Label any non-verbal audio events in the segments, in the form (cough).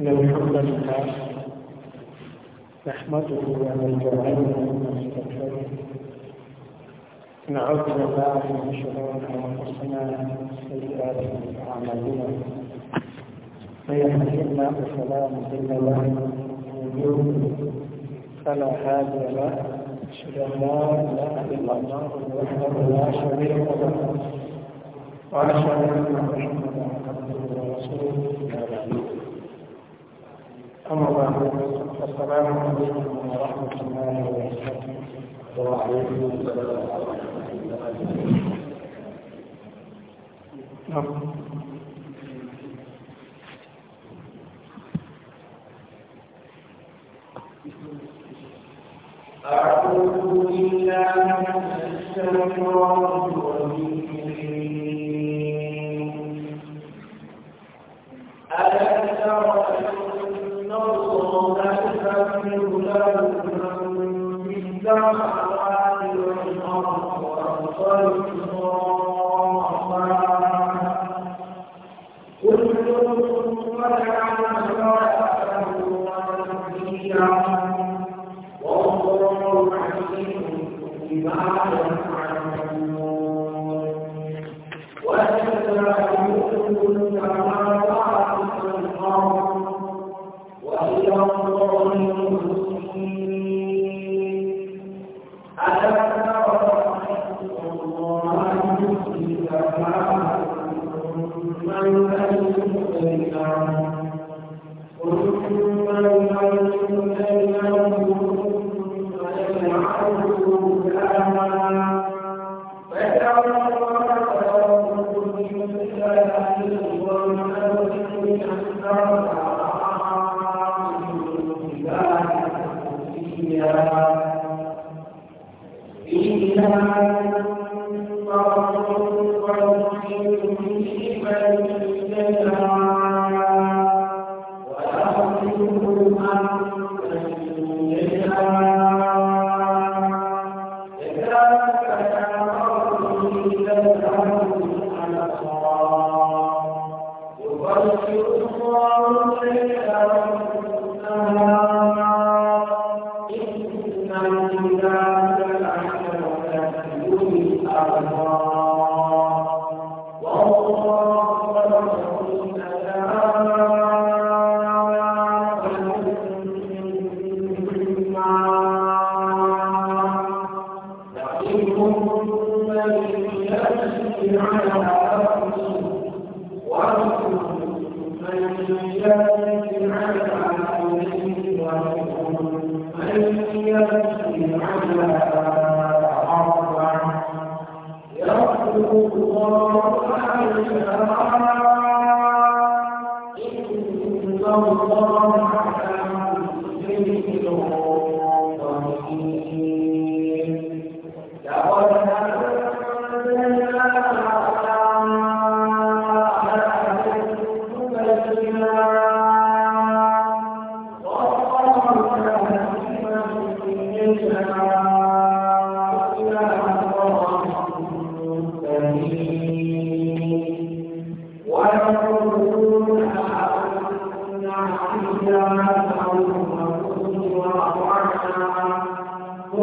إن الحمد لله نحمده ونستعينه ونستغفره نعوذ بالله من شرور أنفسنا وسيئات أعمالنا من يهده الله فلا مضل له ومن فلا هادي له أشهد أن لا إله إلا الله وحده لا شريك له وأشهد أن محمدا عبده ورسوله أما بعد فالسلام عليكم ورحمة الله وبركاته وعليكم السلام ورحمة الله وبركاته أعوذ بالله من الشيطان الرجيم ألم ترى يغفر له من دخل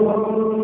ọ̀rọ̀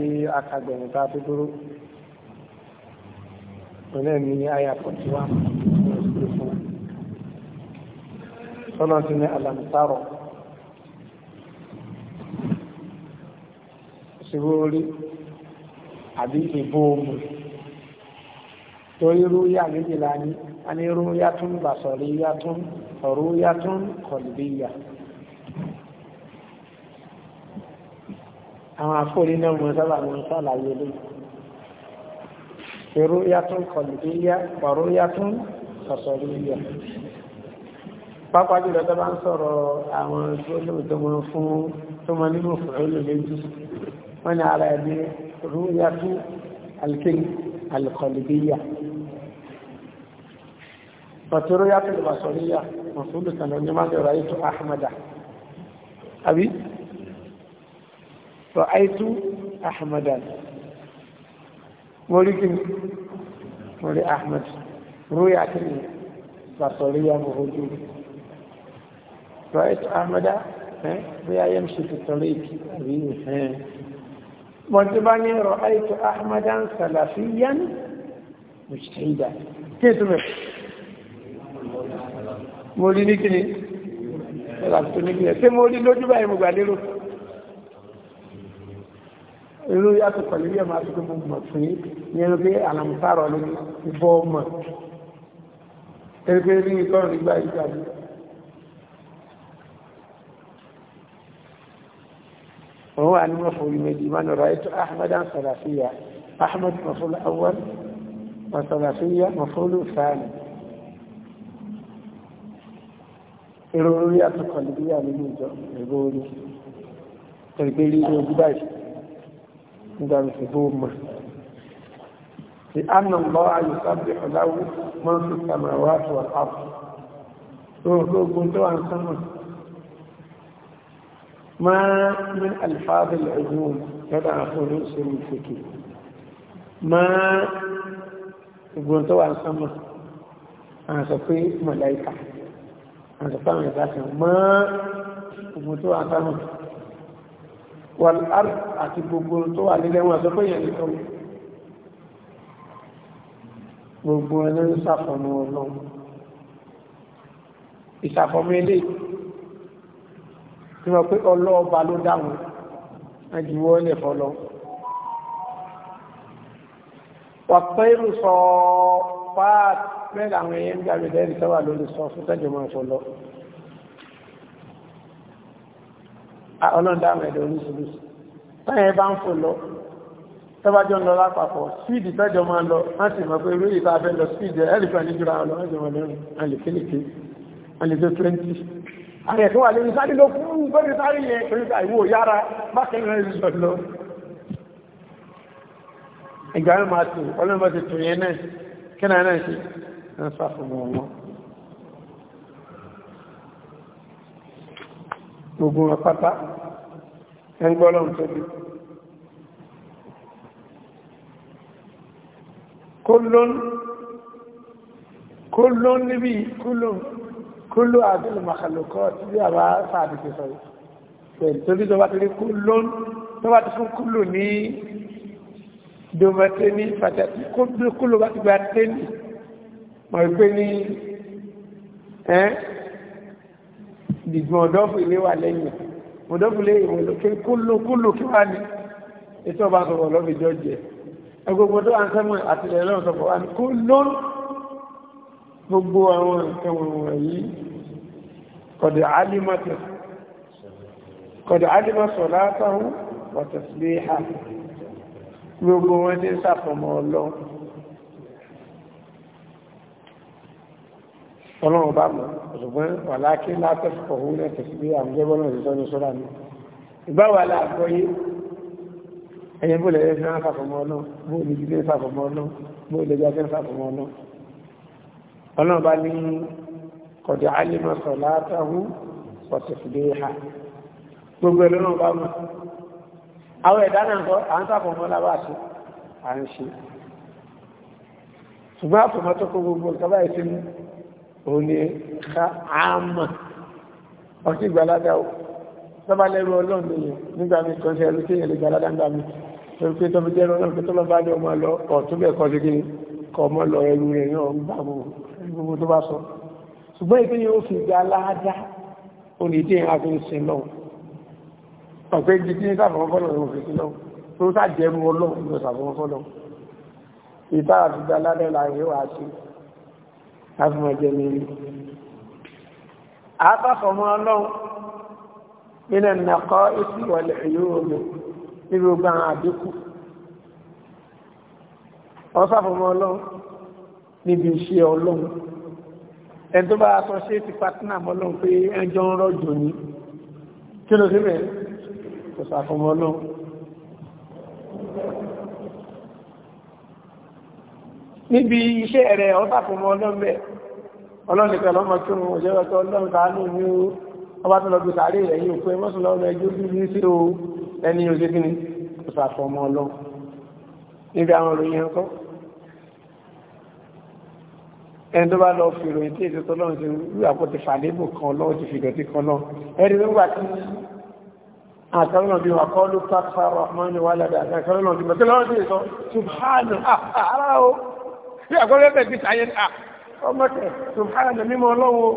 tí a kà gbẹ̀rún tá a tó dúró pẹ̀lú ẹ̀mí ní àyà pọ̀tí wá sọ́nà tí ní alàmùsárọ̀ ìṣòro orí àbí ìbò omi torí rúyà méjìlá ní a ní rúyà tún bàṣọ̀rí yá tún ọ̀rúyà tún kọ̀lùbíyà. àwọn àfòrí náà mọ̀ sábà mọ̀ sàlàyé lé ìrú yàtún kọlùdíyà pọ̀rú yàtún sọ̀sọ̀rí yà pápá jùlọ tó bá ń sọ̀rọ̀ àwọn gbólóò tó mọ̀ fún tó mọ̀ nínú fòrólù méjì wọ́n ní ara ẹ̀dí ra'aitu ahmadan mo rí kí mo rí ahmad rúyà kí ni bàtọ̀ríyà mo hojú ra'aitu ahmada bóyá yẹn ṣe tẹ̀tọ̀rí àbí ìhẹ́n mo ti bá ní ra'aitu ahmadan salafiyan mujtahida kí ni túnbẹ̀ mo rí ní kí mo rí lójú báyìí mo gbà lérò irú yàtọ̀ pẹ̀lú yẹ̀ máa tún mú mọ̀ fún yín ní ẹni pé àlàmùsàrọ̀ ní ìbọ̀ ọmọ ẹgbẹ́ ní ìtọ́rùn nígbà ìjàdí wọ́n wà ní mọ̀fòrí méjì máa nọ̀rọ̀ ètò ahmadan salafiya ahmad mọ̀fòlù awwal wa salafiya mọ̀fòlù sáàni ìròrí àtọ̀kọ̀lù bí i àmì ìjọ ìròrí ẹgbẹ́ ní ìjọ nígbàmí ṣùgbọ́ mọ̀ ti annan lọ ayùsábì ọ̀láwú mọ́n sí samawa tó àpù lóògbógun tó wọ́n sánmà ma min alfáàbì al'ajúwọ̀n lọ́dá àfúrí sí mùsùkì ma ìgbóntó wọ́n sánmà àṣàfí mọ̀láìkà àṣàfí àwọn ìdáṣà ma ìgbóntó wọ́n sánmà wal ard àti gbogbo tó wà nílẹ̀ wọn sọ pé yẹn nìkan gbogbo ẹni ń ṣàfọmọ Ọlọ́run ìṣàfọmọ ilé tí wọn pé ọlọ́ọba ló dáhùn ajuwọ ilẹ̀ fọlọ wàpẹ́ irú sọ pààtì mẹ́rin àwọn Ah, ọlọ́ndà mẹ́rin oríṣiríṣi táyẹ̀ bá ń fò lọ tẹ́bájọ́ ń lọ lápapọ̀ síìdì tẹ́jọ máa lọ wọ́n sì mọ̀ pé irú ìta abẹ́ lọ síìdì ẹ̀lìfẹ́ níjúra lọ wọ́n sì mọ̀ lẹ́rìn alìkíníkì alìjọ 20 ààrẹ tó wà lórí sáré ló fún un gbẹ́rẹ́ sáré yẹn torí ta ìwò yára bákẹ́rẹ́ lọ lọ ìgbà yẹn máa tù ọlọ́mọ ti tù yẹn náà kí náà náà ṣe ń sá fún wọn gbogbo wọn pátá ẹgbọ́lọ́n tóbi kúlón níbi kúlón kúlò àdúlù màkàlùkọ́ tí bí àbá sáàdìkì sọ̀rọ̀ pẹ̀lú tóbi tó bá ti rí kúlón tó bá ti fún kúlò ní domateni pàtàkì kúlò bá ti gba tẹ́ni mọ̀ ìpé ní ẹ́ dìgbọn ọ̀dọ́fù ilé wà lẹ́yìn ọ̀dọ́fù ilé ìwọ̀n lókè kúlù kí wá ní ètò ọba sọ̀rọ̀ lọ́fìjọ́ jẹ ẹgbogbo tó ń sẹ́mọ̀ àtìlẹ̀ lọ́wọ́ sọ̀rọ̀ wá ní kúlù gbogbo àwọn nǹkan wọ̀nyí kọ̀dẹ̀ alímọ̀tẹ̀ kọ̀dẹ̀ alímọ̀sọ̀ látàrún wọ̀tẹ̀síléhà gbogbo wọn ti ń sàfọ̀mọ́ ọlọ́run ọlọ́run bá mọ̀ ṣùgbọ́n wàláàkí látẹ̀sùkọ̀ òun náà tẹ̀sí pé àwọn jẹ́bọ́ náà ṣiṣọ́ ní sọ́dà mi ìgbáwà láàgbọ́ yé ẹ̀yẹ bó lẹ́yẹ fi ń fàfọmọ́ náà bó lè jílé ń fàfọmọ́ náà bó lè jáde ń fàfọmọ́ náà ọlọ́run bá ní kọ̀dẹ̀ alímọ̀ sọ̀ látàhù pọ̀tẹ̀sílé ha gbogbo ẹ̀ òní àmà ọtí ìgbàládà ó sábà lẹ́rù ọlọ́run nìyẹn nígbà mi kan ṣe ẹrú tí èèyàn lè gbàládà ń gbà mí torí pé tọ́bi jẹ́rọ ọlọ́run pé tó lọ́ba ní ọmọ lọ ọ̀tún bẹ́ẹ̀ kọ́ sí kí kọ́ ọmọ lọ ẹrú rẹ̀ náà ń gbà mọ́ gbogbo tó bá sọ ṣùgbọ́n ìpín yóò fi gbàládà òní tí èèyàn àfi ń sin lọ ọ̀pẹ́ ibi tí sáfọ̀mọ́ fọ́lọ̀ ló fi sin lọ tó sàjẹ́mu ọlọ́run ló sàfọ̀mọ́ fọ́lọ̀ ìtara fi gbàládà làwọn wà á afọmọjẹ mímu àtàfọmọ ọlọ́run nínú ẹnìkọ ìsì wọlé ìlú omi níbi gbogbo àwọn àdínkù ọsàfọmọ ọlọ́run níbi iṣẹ́ ọlọ́run ẹni tó bá aṣọ ṣe ti pátínà ọlọ́run pé ẹjọ́ ń rọ̀jò ní kí ló sí bẹ́ẹ̀ ọsàfọmọ ọlọ́run níbi iṣẹ́ rẹ̀ ọ́sàkùnmọ́ ọlọ́mẹ́ ọlọ́nìkan lọ́mọ tí wọ́n jẹ́ ọ̀tọ́ ọlọ́run tàánù ní o ọba tó lọ́gbẹ̀ sàárè ẹ̀yìn òkú ẹmọ́sùn lọ́rọ̀ ẹjọ́ bí ní sí o ẹni oṣù kí ni kò sàfọmọ ọlọ́run níbi àwọn ìròyìn ẹ̀kọ́ ẹni tó bá lọ fi ìròyìn tí èdè tó lọ́run ti rú àpò ti fàdébò kan lọ́wọ́ ti fi ìdọ̀tí kan lọ ẹni tó gbà tí àkàrọ̀ náà bí wà kọ́ ló pàtàkì tí àkọ́lẹ́ bẹ̀ bí sáyẹn à ọmọ tẹ̀ subhanahu mímọ́ ọlọ́wọ́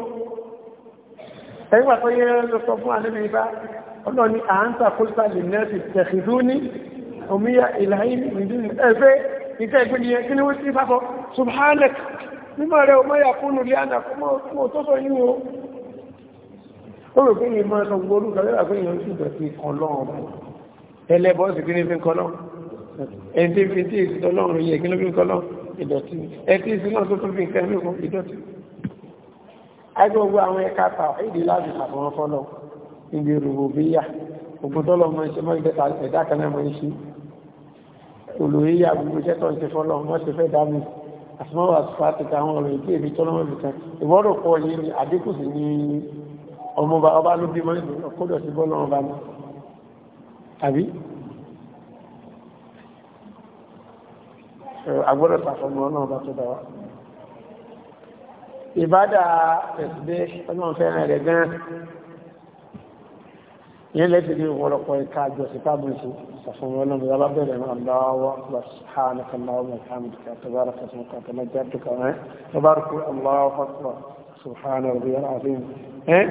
ẹgbà tó yẹ lọ sọ fún àlẹ́ bíbá ọ̀nà ni à ń ta kólítà lè nẹ́ẹ̀sì tẹ̀sídú ní omiya ìlàyé nìdí ẹgbẹ́ nǹkan ìpín ni kí ni wọ́n ti fáfọ́ subhanahu mímọ́ rẹ̀ ọmọ yà fún lórí àná fún òtótó yìí ẹni tí fi tí ìsìn ọlọ́run yẹ kí ló fi kọ́lọ́ ìdọ̀tí ẹni tí ìsìn náà tó tún fi nǹkan ní òkun ìdọ̀tí. agbègbè àwọn ẹ̀ka ta ìdí láti àbọ̀wọ́n fọ́lọ́ níbi rògbò bí yà ògùn tó lọ́mọ iṣẹ́ mọ́ ìdẹ́ta ẹ̀dá kan náà mọ́ iṣẹ́ olùyíyà gbogbo iṣẹ́ tó ń ṣe fọ́lọ́ wọ́n ṣe fẹ́ dá mi àtúmọ̀wà fàtìkà àwọn ọ̀rọ̀ ìdí èmi tọ́lọ́mọ̀ ìbìkan ìwọ́rọ̀ pọ̀ yìí ni àdínkù sí ní ọmọba àbí agbọ́dọ̀ sàfọ̀mọ́ náà bá tó dáwà ìbádà ẹ̀sùdé ọlọ́run fẹ́ràn rẹ̀ gan yẹn lẹ́sì ní ọ̀pọ̀lọpọ̀ ìka àjọsí tábùn sí sàfọ̀mọ́ ọlọ́run bá bá bẹ̀rẹ̀ náà lọ́wọ́ bá sàánà kàláwọ́ mọ̀hámdùkà tàbára kàtàkà tàbájàdùkà rẹ̀ tàbárùkù aláwọ̀ fàtàkà sùhánà rẹ̀ yàrá àfihàn ẹ́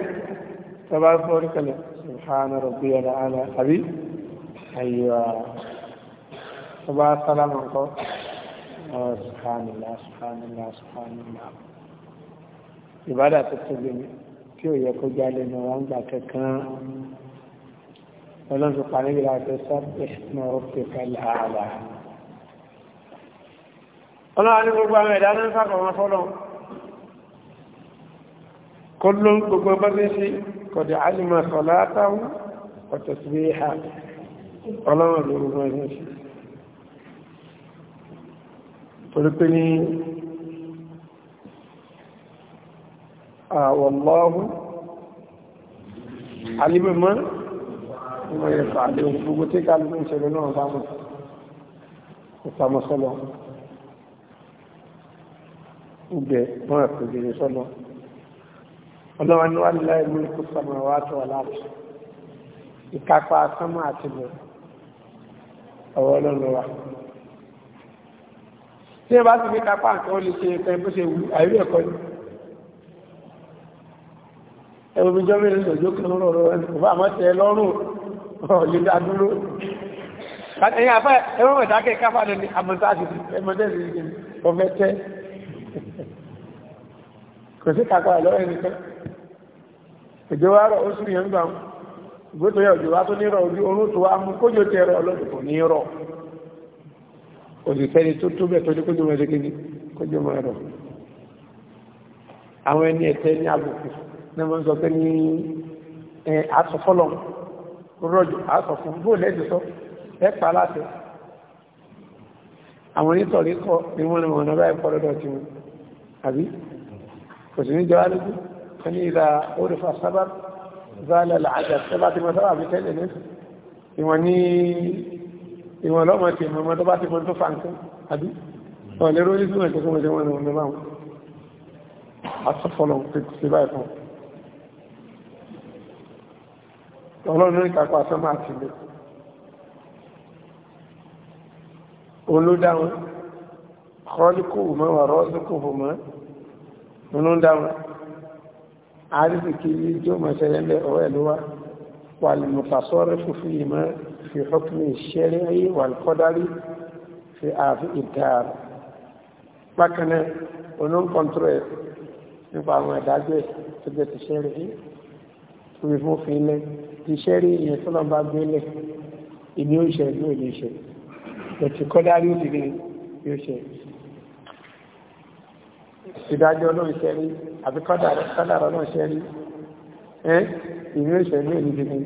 تبارك وركله سبحان ربي الأعلى أبي أيوة تبارك سلام عليكم Ah, subhanallah subhanallah subhanallah ìbádà tó tóbi ni tí ò yẹ kó jáde ní wọn gbà kankan ọlọ́run fi pa níbi láti sábẹ́ ní ọ̀pẹ̀ kálá àlá ọlọ́run ní gbogbo àwọn ẹ̀dá náà sábà wọn fọ́lọ́ kó ló ń gbogbo bá ti ṣe kọ̀dì alìmọ̀ sọ̀lá táwọn ọ̀tọ̀ sí ọlọ́run lórúkọ ẹ̀sìn torí pé ní àwọ̀lọ́hù alìmọ̀mọ́ ìmọ̀ ìrẹ̀fà àti gbogbo tí kálùmí ìṣẹ̀lẹ̀ náà bá mọ̀ ìpamọ́ sọ́lọ́ ìgbẹ̀ wọ́n àpèjìrì sọ́lọ́ ọlọ́wọ́n ni wà ní láì mú ikú sọmọ àti tí ẹ bá ti fi kápá àti wọn lè ṣe ẹ̀ka bó ṣe wù àìrí ẹ̀kọ́ ni ẹ̀rọ mi jọ́ mẹ́rin lọ́jọ́ kan rọrọ ẹni kò bá àmọ́ tẹ lọ́rùn ọ̀lẹ́ dádúró ẹ̀yìn àfẹ́ ẹ̀rọ mẹ́tàkẹ́ káfà lẹ́ni àmọ́tàṣì ẹmọdẹ́sì ọmẹ́tẹ́ kò sí kápá ẹ̀ lọ́rọ̀ ẹnìkan òjò wa rọ̀ oṣù yẹn gbà gbótó yẹ òjò wa tó ní rọ̀ ojú orún tó wa mú kójó tẹ rọ̀ ọlọ́dún kò ní rọ̀ òṣìṣẹ́ni tó tó bẹ̀ tó ní kójú máa ṣékíní kójú máa rọ̀ àwọn ẹni ẹ̀tẹ́ ní àbùkù náà máa ń sọ pé ní àsọfọ́lọ̀ rọ́jù àsọfún bó lẹ́sì sọ ẹ pa láti àwọn onítọ̀rí kọ ni wọ́n ní wọ̀n báyìí kọ́ lọ́dọ̀ tí wọn àbí kò sì ní jọ alùpùpù wọn ní ìlà orífà sábà zálẹ̀ làájà sábà tí wọ́n sábà fi tẹ́lẹ̀ ní ìwọ̀n ní ìwọ̀n lọ́mọ ti mọ̀ tó bá ti mọ̀ tó fa nǹkan àbí ọ̀lẹ́rọ ní súnmọ̀ tó kọmọ̀ jẹmọ̀ ìwọ̀n lọ́wọ́ àwọn asọ́fọ́lọ̀ pẹ̀kù sí báyìí fún ọlọ́run ní kàkọ́ asọ́ máa ti lè olódáwọn kọ́líkò mọ́ wà rọ́síkò mọ́ olódáwọn àrísìkì في حكم الشرع والقدر في آفة الدار bákan onon control nípa àwọn ìdájọ́ tó jẹ́ ti ṣẹ́rí ìwé fún fílẹ̀ ti ṣẹ́rí ìyẹn tó lọ́n bá gbélẹ̀ ìní òṣè ní òní ìṣẹ́ ẹ̀tì kọ́dárí òsì ní òṣè ìdájọ́ náà ṣẹ́rí àbí kọ́dàrọ̀ náà ṣẹ́rí ìní òṣè ní òní ìṣẹ́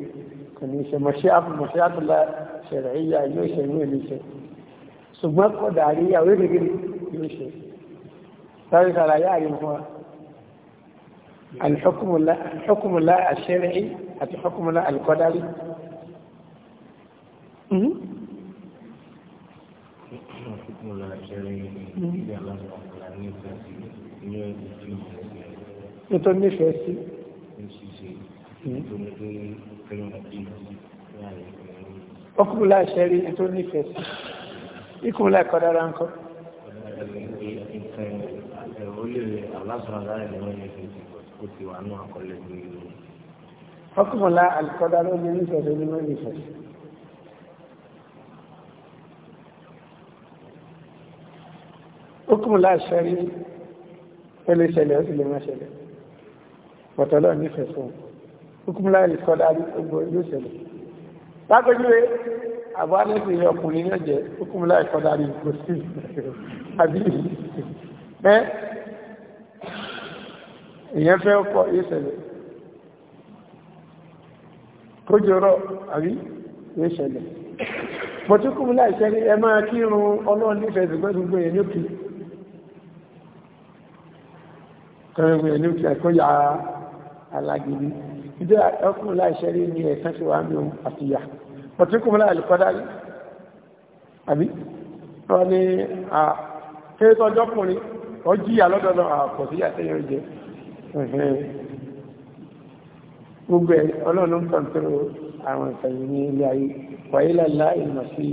كنيسة مشيئة مشيئة الله شرعية يوشي يوشي ثم قدرية ويرغي يوشي ذلك لا يعلم هو الحكم لا الحكم لا الشرعي الحكم الله القدري الحكم لا الشرعي إذا الله سبحانه وتعالى nítorí ọkùnrin láṣẹ rí tó nífẹ̀ẹ́ sí ikú lẹ́kọ̀ọ́ dára ń kọ́. ọkùnrin lá àlùkọ́dá ló ní nífẹ̀ẹ́ sí nínú nífẹ̀ẹ́ sí. ọkùnrin láṣẹ rí ó lè ṣẹlẹ̀ ó sì lè má ṣẹlẹ̀ pọ̀tọ́lọ́ nífẹ̀ẹ́ fún un hukumla ìsọdá gbogbo yóò ṣẹlẹ̀ lápẹjúwe àbọ̀ alẹ́sìn yẹ ọkùnrin náà jẹ hukumla ìsọdá gbogbo sí àbí ẹ èèyàn fẹ́ ọkọ̀ yóò ṣẹlẹ̀ kójọrọ àbí yóò ṣẹlẹ̀ mọ̀tíkùnlá ìṣẹ́lẹ̀ ẹ máa kírun ọlọ́run nífẹ̀ẹ́ ìdí ọkùnrin láìṣẹ́ rí ní ẹ̀sán tí wà ní ohun àfihà pọ̀tíkùnrin láìlùkọ́dá rí àbí wọ́n ni à kéèkọ́ ọjọ́kùnrin ọ jíyà lọ́dọ̀dọ̀ àpọ̀ sí àtẹ́yàn jẹ gbogbo ọlọ́run kọ̀ntọ́rọ̀ àwọn ìfẹ̀yìn ní ilé ayé wàílẹ̀ láìmọ̀ sí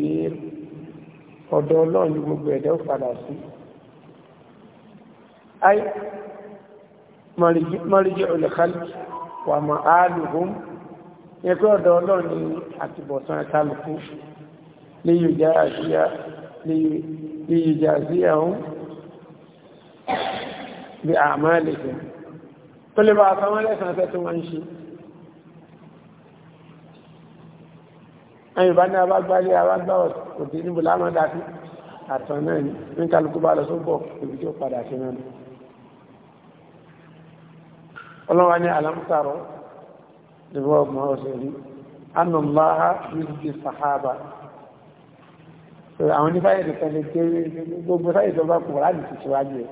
ọ̀dọ̀ ọlọ́run gbogbo ẹ̀dẹ́ padà sí ay mariji olùkálùkì wàmà áàlùhùn ẹgbẹ́ ọ̀dọ̀ ọlọ́run ní àtibọ̀tán kálukú léyìíjàzíyà hún bí àmà lèkẹ́ tó lè bá àtàwọn lẹ́sàn tẹ́ tó wọ́n ń ṣe ẹ̀yìnbá ní abágbálé abágbá òdí níbùlá mọ́dá ọlọ́wà ní alamtaro ìwọ ọmọ òṣèrí anàláha yìí sàhábà àwọn onífàyè nìkan lè kéré gbogbo sáyè tó bá kù láti ti ṣíwájú ẹ̀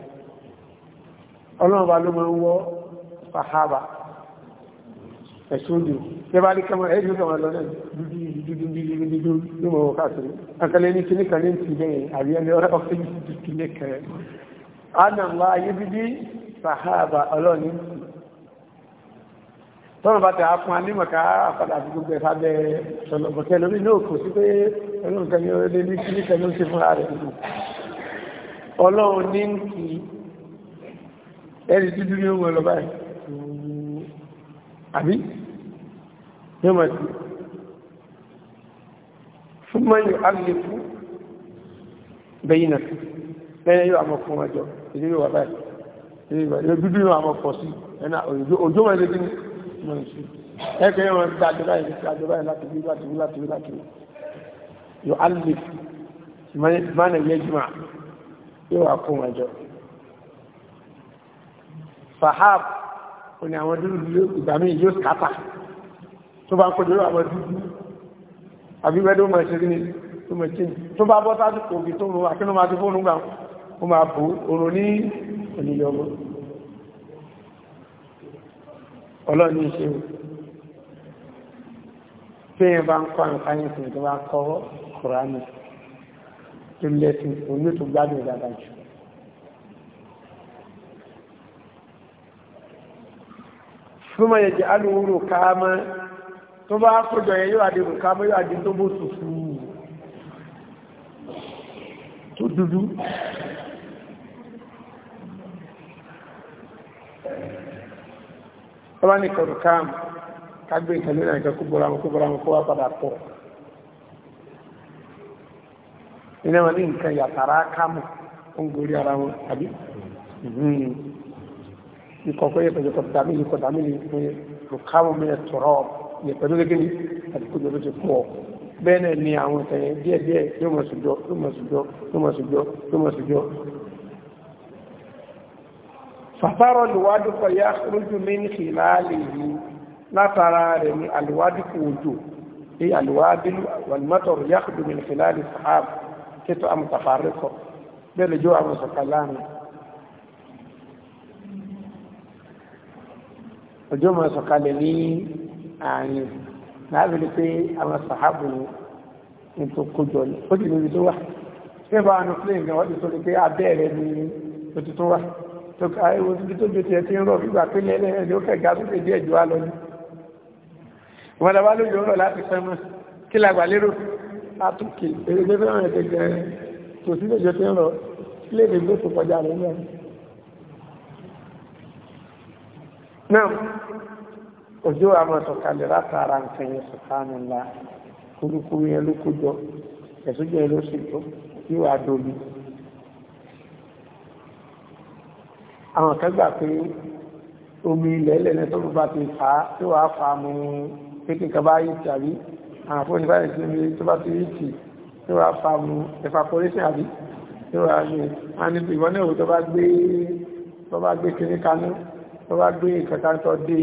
ọlọ́wà ló máa ń wọ́ sàhábà ẹ̀ṣúndì tí bá rí kẹmọ̀ ẹ̀jú kẹmọ̀ lọ́nà dúdúdúdúdúdúdú ló mọ̀ káàkiri akẹlẹ́ ní kíní kan ní ti bẹ́ẹ̀ àbí ẹni ọ̀rẹ́ ọ̀fẹ́ yìí ti kíní kẹrẹ anàláha yìí sàhábà ọlọ́ni tọ́rọ bá tẹ̀ á fún anímọ̀ká àpàdà àti gbogbo ẹ̀fà bẹ ṣọlọ̀bọ̀kẹ́ lórí náà kò sí pé olóǹkan ni ó lé ní kí nìkan ló ń ṣe fúnra rẹ̀ nínú ọlọ́run ní kí ẹni dúdú ní ohun ọlọ́bá ẹ̀ àbí ní ọmọ sí fún mọ́yìn alẹ́kú bẹ́yìn náà lẹ́yìn yóò àmọ́ fún ọjọ́ ìdílé wà báyìí dúdú yóò àmọ́ pọ̀ sí ẹ̀nà òjò mọ́ mọ̀ sí ẹ̀kọ́ yẹn wọn gba àjọba yìí gba àjọba yìí láti bí láti bí láti bí láti bí yọ alif mánà yẹ jùmọ̀ yóò wá kó wọn jọ fahab ó ní àwọn dúdú ìgbà míì yóò kàtà tó bá ń kojú àwọn dúdú àbí wẹ́dọ́ mọ̀ ṣe ní tó mọ̀ ṣe tó bá bọ́ sáà tó kò bí tó rọ àkínú máa ti fóònù gbà ó máa bò ó rò ní onílé ọgbọ́n ọlọ́ni ṣe o tí yẹn bá ń kọ́ nǹkan yẹn sì tó bá kọ́ kùránì tó lẹ́sìn òní tó gbádùn dáadáa jù súnmọ́ yẹ jẹ́ alùwúrò káàmọ́ tó bá kójọ yẹn yóò àdìrò káàmọ́ yóò àdìrò tó bó tutù tó dúdú ọba ní kọ̀ọ̀kan kágbé ìkàlẹ́ náà ìkà kúbọ̀ra wọn kúbọ̀ra wọn kó wá padà pọ̀ iná wọn ní nǹkan yàtàrà kámù ó ń gorí ara wọn àbí hmm. ikọ̀ kó yẹ pẹ̀lú ikọ̀ dàmí ikọ̀ dàmí ni pé lùkámù mi ẹ̀ tọ̀rọ̀ yẹ pẹ̀lú gẹ́gẹ́ ni àti kó fàtàrọ̀ lùwádìí kọ̀ yá rújú mi ní ìlàlẹ̀ yìí látara rẹ̀ ní àlùwádìí kò jò ní àlùwádìí wàlùmọ́tọ̀rọ̀ yá rújú mi ní ìlàlẹ̀ sàhábà kító àmùtàfàrẹ́kọ̀ bẹ́ẹ̀ lè jó àwọn sọ̀kàlánì ọjọ́ máa sọ̀kalẹ̀ ní àárín láàbí ni pé àwọn sàhábù ní tó ó sì níbi tó wà ṣé bá wọn fílẹ̀ ìgbà wọ́n ti sọ pé abẹ́ẹ̀rẹ̀ ni ó ti tó wà tó ká ewu níbi tó ju tiẹ̀ ti ń rọ̀ nígbà pé lẹ́lẹ́ ẹ̀ ló kẹ̀gá sókè díẹ̀ jù wá lọ ní. ìwọ̀n làwọn lóyún rọ̀ láti sẹ́mọ̀ kí làgbà lérò látòkè èrègbè fẹ́ràn ẹ̀ tẹ̀gẹ̀ kò sí lójú ti ń rọ̀ léde gbé tó kọjá rẹ̀ náà. náà òjò àmọ̀ sọ̀kalẹ̀ látara nǹkan yẹn sọ̀kalẹ̀ ńlá àwọn kan gbà pé omi ilẹ̀ ilẹ̀ ní tó bá ti fà á tí wàá fà á mú pékin kan bá yí ti àbí àwọn fún ní báyìí tí omi tó bá ti yí ti tí wàá fà á mú evaporation àbí tí wàá ní wọn ní ìwọ náà tó bá gbé tó bá gbé kiri kanú tó bá gbé ìkankan tó dé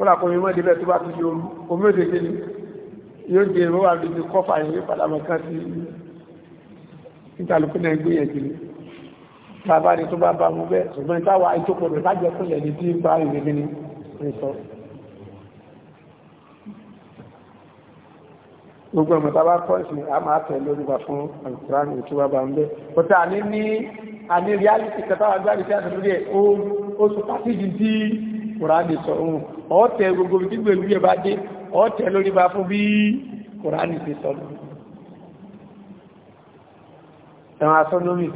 ó là omi mọ́dé bẹ́ẹ̀ tó bá ti di omi omi ò dédé ni yóò di èrò wà lójú kọ́fà yìí padà mọ̀ sí ìtàlùkù náà gbé yẹn kiri bàbá ni tó bá bá mú bẹ́ ṣùgbọ́n táwà ìtókòrò lájẹ́ fúnlẹ̀ ní tí ń bá ìrìn gíní ìsọ gbogbo ọmọ tàbá kọ́ọ̀sì a máa tẹ̀lé olúgbà fún alkùránì tó bá bá ń bẹ́ pọ̀tà ní ní àní reality kẹtàwà gbáàrí sí àtàlórí ẹ̀ ó sọ pàtíjì tí kùránì sọ ohun ọ̀tẹ̀ gbogbo tí gbèlú yẹ bá dé ọ̀tẹ̀ lórí bá fún bí kùránì ti sọ ẹ̀wọ̀n asọ́nọ́mì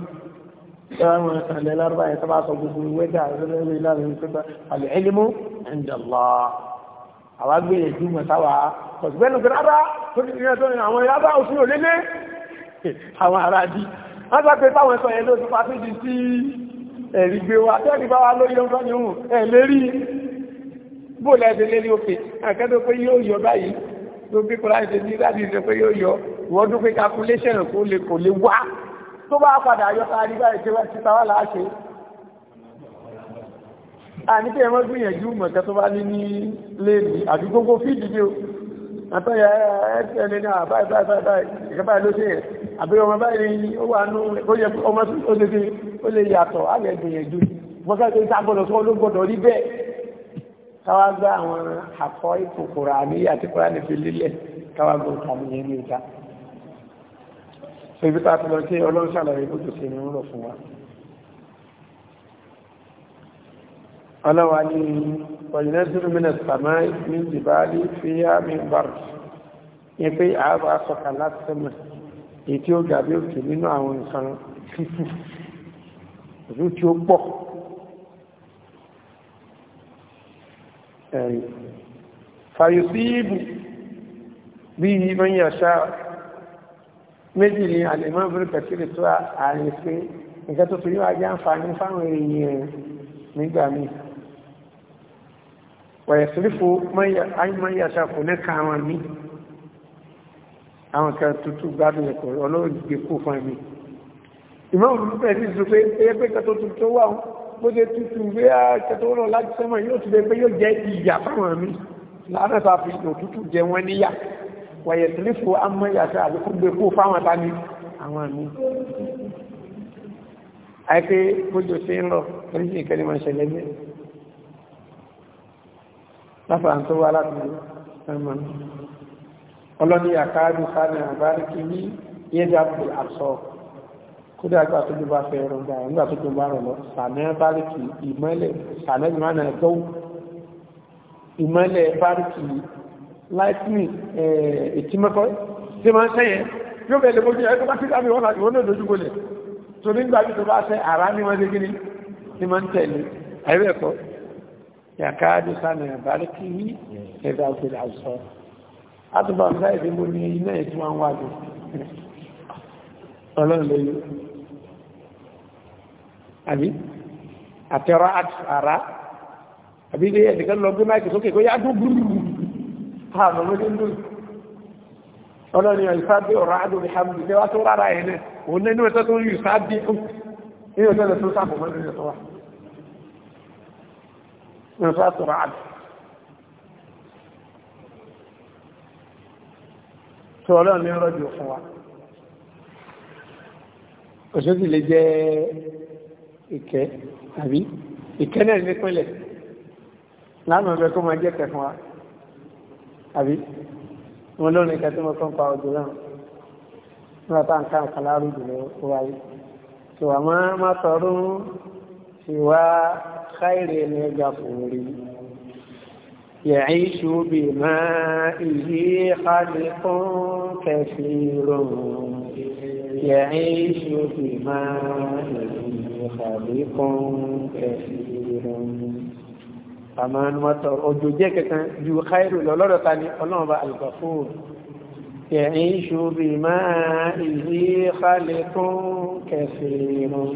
ẹwọ́n ìsànlẹ̀ lárúbá yẹn tó bá sọ gbogbo wẹ́dà lórí láàrin pípa àlẹ́ẹ̀lẹ́mú ẹ̀ndẹ̀lá àwọn agbèrè jùmọ̀ sáwà kọ̀sùgbẹ́nu tó rárá tó ti rìn àtọ́rin àwọn ìyábá òṣìlò lélé àwọn ará dí wọ́n sọ pé táwọn ẹ̀sọ̀ yẹn ló ti pàtó di sí ẹ̀rí gbé wa tẹ́ẹ̀rí bá wa lórí ọjọ́ ni òun ẹ̀ lérí bó lẹ́ẹ̀dẹ̀ lérí òkè àkẹ́dọ̀ pé yóò yọ báyìí tó bí kọ́lá ìṣẹ́ ní láti ìṣẹ́ pé yóò yọ ìwọ́dún pé calculation kò lè wá tó bá padà yọta nígbà ìṣẹ́wẹ́ títà wà láṣẹ àní pé ẹmọ́ gbìyànjú mọ̀kẹ́ tó bá ní ní léèdì àbí gbogbo fíìdì dé o àtọ́yà ẹni náà báyìí báyìí báyìí ìkẹ́bà ló ṣe yẹn àbí ọmọ báyìí ni ó wà nú ó yẹ ọmọ tó ṣe fi ó lè yàtọ̀ á lè gbìyànjú mọ́kẹ́ tó ta gbọ́dọ̀ sọ ló gbọ́dọ̀ rí bẹ́ẹ̀ káwá gbá àwọn àkọ́ ìkòkòrò àníyà tí kúránì fi lílẹ̀ káwá gbọ́dọ̀ àníyàn ní ìta ibi tá a ti lọ sí ọlọ́run ṣàlàyé lójú sí ni ń rọ̀ fún wa ọlọ́wà ní ọ̀yìnẹ́sìn mínísítà máa ní ìbáàlì fi yá mi bàrù ní pé àbá sọ̀kà láti sẹ́mẹ̀ èyí tí ó gàbí òkè nínú àwọn nǹkan fífú ìlú tí ó pọ̀ fàyòsí ìbù bí i mọ́yìn méjì ni àlèmọ́ ìbúrú kẹsìrì tó àárín pé nǹkan tó fi yóò ajá ń fani fáwọn èèyàn nígbà míì wàyẹ̀sìrífò ayímọ̀yàṣà kò ní ka àwọn míì àwọn kan tuntun gbádùn ẹ̀kọ́ ọlọ́run gbé kó fún mi ìmọ̀ òun ló pẹ̀lú ìṣú pé ẹyẹ pé kẹtó tuntun wà a kẹtó rọ̀ láti sẹ́mọ̀ yóò tún lè pé yóò jẹ́ ìyà fáwọn mi lánàá tá a fi òtútù wọ̀yẹ̀ tí lífò amóyàṣẹ́ àbíkú gbé kó fáwọn tání àwọn àmì àìpé kójò sí ń lọ oríṣìí ìkẹ́lì máa ṣẹlẹ̀ ní láfàá tó wá láti ẹmọ ọlọ́ni àkáàdù sáàmì àbáríkì ní yẹ́dàbù àṣọ kódà gbà tó jù bá fẹ́ rọ gbà nígbà tó jù bá rọ lọ sàmì àbáríkì lightning eh, ìtìmọ́kọ́ tí máa ń sẹ́yẹn yóò bẹ̀rẹ̀ lójú ẹ̀ tó bá sí káàmì wọn náà dojú bolẹ̀ tó ní gbàgbé tó bá sẹ́ ara ní wọ́n dégírí ní máa ń tẹ̀lé àìrẹ́kọ́ yàkáàdù sánà ìbárí kí ní ẹ̀dà òkèlè àṣọ àtúbà ọ̀dá ìdí mo ní iná ètò wọn wà lò ọlọ́lọ́yọ́ àbí àtẹ̀rọ àrá àbí ilé ẹ̀dẹ̀kẹ́ lọ gbé máìkì sókè kó yá dúgbùrù àmọ́ mo ní lù ọlọ́ni ìsáàbí ọ̀rọ̀ àdó ìhàmùdì ní wá tó rárá ẹ̀ náà òun náà ní ọjọ́ tó rí ìsáàbí fún ní ọjọ́ tó sàfọ̀mọ́ nínú ẹ̀tọ́ wa ní ọjọ́ tó lánàá ọ̀rẹ́ tó máa jẹ́ kẹfún wa àbí wọn lórí nǹkan tí mo kàn pa ọdún náà nígbà tá à ń ká nǹkan lárúgbó ló wáyé tó àmọ́ má sọ̀rọ̀ ìwà káìrè ní ẹja fòun rí يعيش بمائه خلق كثير يعيش بمائه خلق كثير àmọ́ ẹni wọ́n tọ òjò jẹ́ kankan ju káírò lọ lọ́dọ̀ ta ni ọlọ́run bá àlùkàfó kẹ̀hìn ṣubì máa ìdí kálẹ̀ tó kẹsì rún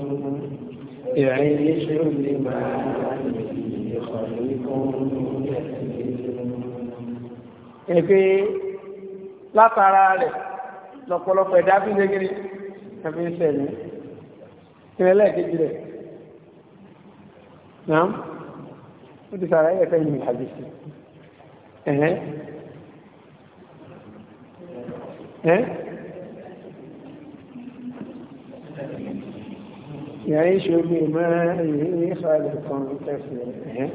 kẹ̀hìn ṣubì máa ìdí kálẹ̀ tó kẹsì rún. ẹgbẹ́ látara rẹ̀ lọ́pọ̀lọpọ̀ ẹ̀dá bí lẹ́gẹ́rì ẹ̀fí ń sẹ̀mí ìrẹ́lẹ̀ kejì ó ti sàrà ẹ̀fẹ́ yìí àjèsí ẹ̀hẹ́n ẹ́ يعيش بمائه خالقا كثيرا إيه؟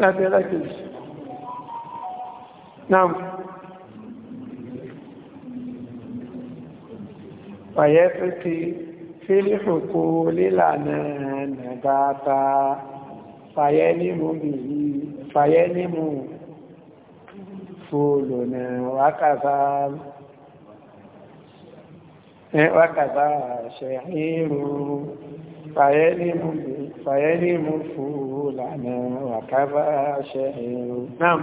لا تركز نعم fàyẹ́fẹ́tì fílífù kó lílànà nàbàtà fàyẹ́nímù bìí fàyẹ́nímù fòlònà wákàtà wákàtà ṣẹ̀hírù fàyẹ́nímù fòlànà wákàtà ṣẹ̀hírù náà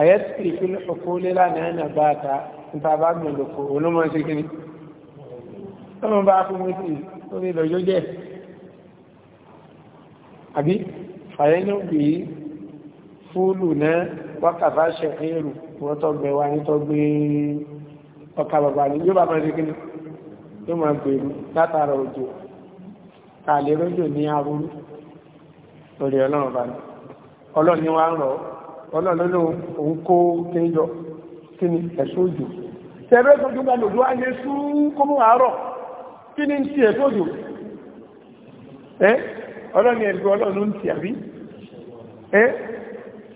àyẹ́sì fílífù kó lílànà nàbàtà nípa bá gbìyànjú kò olómọ́ sí kìíní ọlọ́run bá fún wọn sí orí ìlọ́jọ́ jẹ́ àbí fàyẹ́nù bí fúlù náà wákàtà ṣe ẹrù wọ́n tó gbẹ wá ní tó gbé ọkà bàbá ní yóò bá máa ṣe kíni yóò máa gbèrú látara òjò kàlẹ́ rọ́jò ní arúrú lórí ọlọ́run bá ní ọlọ́run ni wá ń rọ̀ ọlọ́run ló ń kó kéjọ kíni ẹ̀ṣọ́ òjò tẹ̀rẹ́ tó dúgbà ayé sú kó mú àárọ̀ kí ni ń ti ẹ̀ tóòjò ẹ́ ọlọ́ni ẹ̀lú ọlọ́run ń ti àbí ẹ́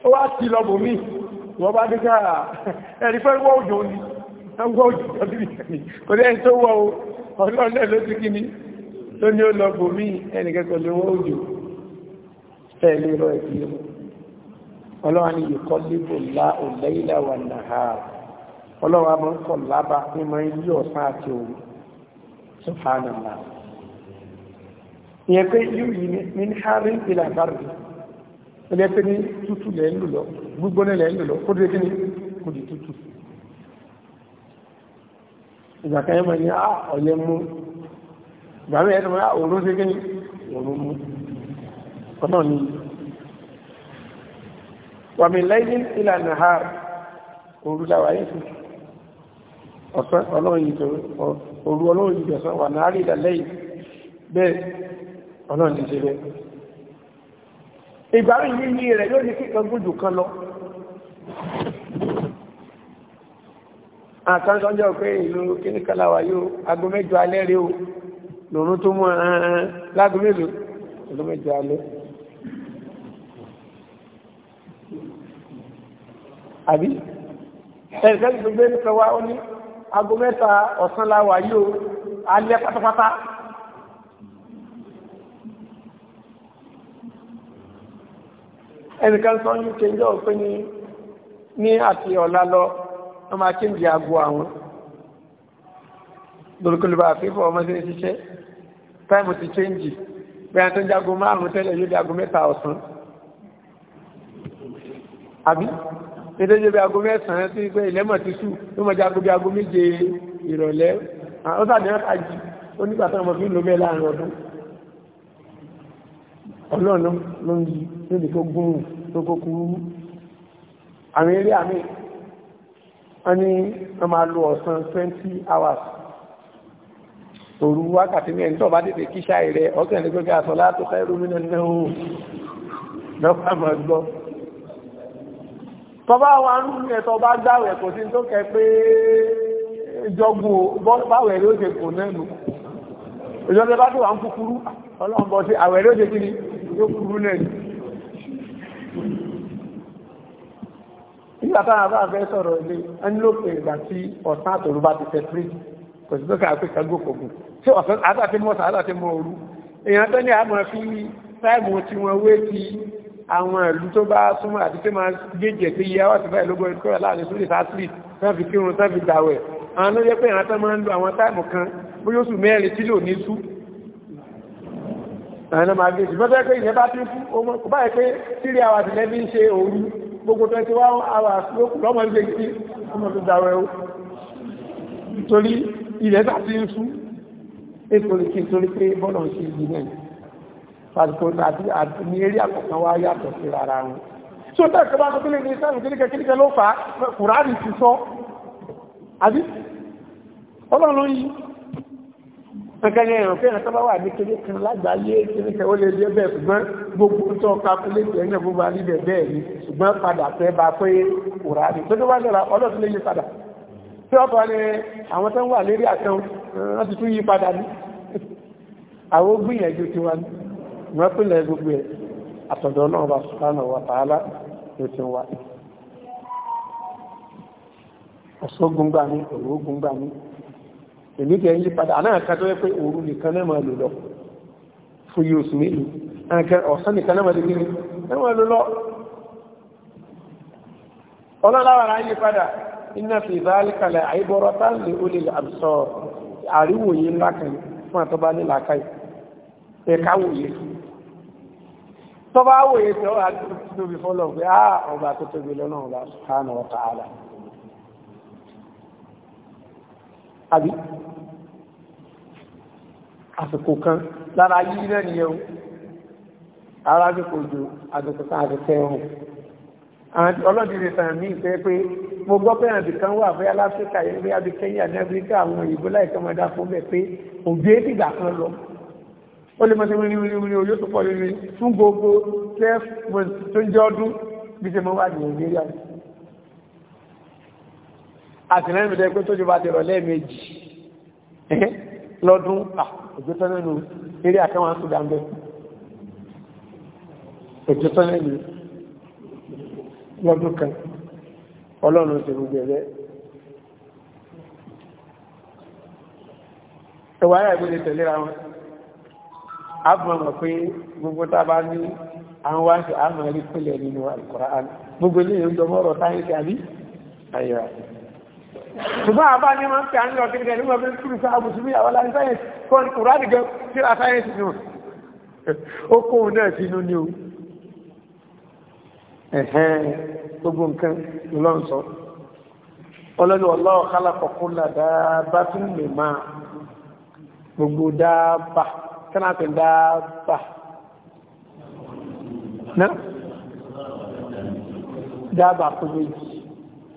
ó wá ti lọ́bù mí wọ́n bá dé káà ẹ̀rí pẹ́ wọ́ òjò ní wọ́ òjò lọ́bí kò lẹ́yìn tó wọ́ ọlọ́run ẹ̀ ló ti kí ni tó ní ó lọ́bù mí ẹnìkẹ́kọ̀ọ́ lè wọ́ òjò tẹ́lẹ̀ rọ ẹ̀bí ọlọ́run yìí kọ́ lébò lá òlẹ́yìnlá wà náà ọlọ́run a máa ń kọ̀ lába ní máa ń yí ọ̀sán subhanallah ìyẹn pé yóò yí ní ní harin ilẹ̀ àbárùn ilẹ̀ pé ní tútù lẹ̀ ń lò lọ gbígbóná lẹ̀ ń lò lọ kó dé kíni kò di tútù ìgbà kan yẹn mọ̀ ní ah, ọ̀yẹ́ mú ìgbà mí ẹ̀ẹ́dùn mọ́ ah, òórùn sí kíni òórùn mú ọ̀nà ni wàmí lẹ́yìn ilẹ̀ àhàr òórùn láwàá yẹn tútù ọ̀sán ọlọ́run yìí òru ọlọ́run yìí ọ̀sán wà náà rí ìdàlẹ́yìn bẹ́ẹ̀ ọlọ́run yìí ṣe bẹ́ẹ̀ ìgbàrí yìí ní rẹ̀ yóò ní kíkan gújù kan lọ àkánsọ́jọ́ pé ìlú kíníkàláwà yóò aago mẹ́jọ alẹ́ rí o lòrún tó mọ́ ẹ̀ẹ́n láago mélòó aago mẹ́jọ alẹ́ àbí aago mẹ́ta ọ̀sán láwà yóò alẹ́ pátápátá ẹnìkan sọ ní kéjọ́ pé ní ní àti ọ̀la lọ wọ́n máa kí n di aago àwọn lórúkọlùbà àfífọ́ ọmọ sí ṣiṣẹ́ táìmù ti chẹ́ǹjì pé a tó jago márùn-ún tẹ́lẹ̀ yóò di aago mẹ́ta ọ̀sán àbí nítorí bí aago mẹ́sàn-án sí pé ìlẹ́mọ̀ ti sùn ló mọ̀ jágo bí aago méje ìrọ̀lẹ́ ó sàdé wọn kájí ó nígbà táwọn ọmọ fi ń lo bẹ́ẹ̀ láàrin ọdún ọlọ́run ló ń yí níbi tó gún tó kókó àmì eré àmì wọ́n ní wọ́n máa lo ọ̀sán 20 hours òru wákàtí mẹ́rin tó bá tètè kíṣà rẹ̀ ọkẹ̀lẹ́gbẹ́gbẹ́ àsọlá tó fẹ́ rómìnà náà lọ́pàá mọ́ gbọ́ tọba àwọn arúgbó ẹ̀ tọba gbàwẹ̀ kò sí tó kẹ pé jọgbọ́n báwẹ̀ ló ṣe kò náà nù ìjọba bá tó wà ń kúkúrú ọlọ́run bọ́ sí àwẹ̀ ló ṣe kí ni yóò kúrú náà nù nígbà táwọn fẹ́ sọ̀rọ̀ ilé ẹni ló pè ìgbà tí ọ̀sán àtòrú bá ti tẹ̀sí kò sí tó kà pé kagbó kòkò tí ọ̀sán àtàtí mọ́ ọ̀sán àtàtí mọ́ òru èèyàn tó ní àmọ́ fi táìmù tí wọ́n wé ti àwọn ìlú tó bá súnmọ́ àti pé máa gẹ́gẹ́ pé yẹ wà tíbá ìlógún ìkọ́rọ̀ láàrin sórí sátìlì tán fi kírun tán fi dàwẹ̀ àwọn ló yẹ pé àwọn tán máa ń lo àwọn táìmù kan bóyá oṣù mẹ́rin tí lò ní sú àwọn ọmọ àgbẹ̀ ìṣùgbọ́n tó yẹ pé ìyẹn bá ti kú kò báyìí pé tírí àwọn àtìlẹ́ bí ń ṣe òru gbogbo tó ti wá àwọn àfúlókù o torí ilẹ̀ bá ti ń sú ètò ìkí torí pé bọ́ọ̀lù ń ṣe ìdí pàtàkì àti ní eré àkọ̀kan wá yàtọ̀ sí rárá wọn tí ó tẹ́ẹ̀kọ́ bá tọ́kílẹ̀ ní ìsáàmù kíríkẹ́ kíríkẹ́ ló fà kùránì ti sọ àbí ọlọ́run yìí ẹgbẹ̀rẹ̀ ẹ̀rọ fẹ́ràn tọ́bá wà ní kéré kan lágbàáyé kéré kan ó lè ni ṣùgbọ́n padà fẹ́ bá pé kùránì tó tó bá lọ́ra ọlọ́tún ni àwọn tó ń wà lérí àtẹun wọ́n ti tún yí padà ní (laughs) àwọn gbìyànjú tiwa ní ṣùgbọ́n pínlẹ̀ gbogbo ẹ̀ àtọ̀dọ̀ náà bá subhanahu wa ta'ala ló ti wà. ọ̀ṣọ́gun gbà mí òrógun gbà mí èmi tẹ̀ ń yí padà àná àká tó yẹ pé òru nìkan náà máa lò lọ fún yóò sùn mélòó ọ̀sán nìkan náà máa lò kíni náà máa lò lọ. ọlọ́láwàrá yí padà iná fi ìbáríkà lẹ̀ àìbọ̀rọ̀ tá lè ó lè àbùsọ̀ àríwòye ńlá kan fún àtọ́bá nílàákàyè ẹ̀ka wòye fún tó bá wòye tó wà tóbi fọ́lọ̀ pé á ọba tó tóbi lọ́nà ọba sùhánà ọ̀tà àlà àbí àsìkò kan lára yìí náà nìyẹn o ara àsìkò jù àsìkò kan àsìkò ẹ̀hùn ọlọ́dìrí sàn mí pé pé mo gbọ́ pé àbí kan wà fẹ́ aláfíríkà yẹn bí abikẹ́yà ní abíríkà àwọn òyìnbó láìka fún bẹ́ẹ̀ pé òbí ètìgbà kan lọ ó lè mọ́sí wíríwíríwírí yóò tó pọ̀ lórí fún gbogbo 12 months tó ń jẹ́ ọdún bí ṣe mọ́ wà ní Nàìjíríà àtìlẹ́yìn ìdẹ́ pé tó jọba tẹ̀rọ lẹ́ẹ̀mejì lọ́dún òjòtọ́ nínú eré àtẹ́wọ̀n tó dáńbẹ́ òjòtọ́ nínú lọ́dún kan ọlọ́run ti gbogbo ẹ̀rẹ́ ẹwà ayà ìgbóni tẹ̀lé ra wọn àmọ̀ pé gbogbo tá a bá ní àwọn wá ṣe àmọ̀ rí pínlẹ̀ nínú Al-Qur'an gbogbo ilé ìlú ọmọrọ̀ sáyẹ́ǹsì àbí ayọ̀ ṣùgbọ́n àbá ní máa ń pè àníyàn tí kìí nígbà bí kúrò sí àbùsùmí àwọn láti sáyẹ́ǹsì fún Kùránì gan tí a sáyẹ́ǹsì nù ó kó òun náà sínú ní o gbogbo nǹkan lọ́nṣọ́ ọlọ́ni ọlọ́ọ̀kálà kọ̀kúnlá dáa bá tún lè máa gbogbo dáa tana fin dabba na dabba kú méjì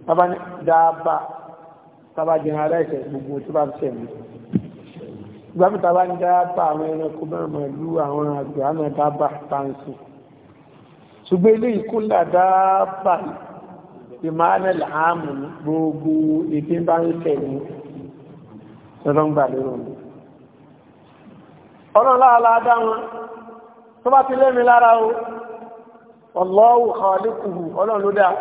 bàbá ní dabba tàbá jẹun aláìsẹ̀ gbogbo tó bá ṣẹ̀ mú gbàmù tàbá ní dabba àwọn ẹranko bẹ́ẹ̀ mọ̀ lú àwọn àgbẹ̀ àmọ́ dabba tàǹsì ṣùgbọ́n ilé ìkúnlẹ̀ dabba ìmáàlẹ̀ làámù ọlọ́lá aláàdá wọn tó bá ti lẹ́mi lára o Allahu khaliquhu ọlọ́run ló dáa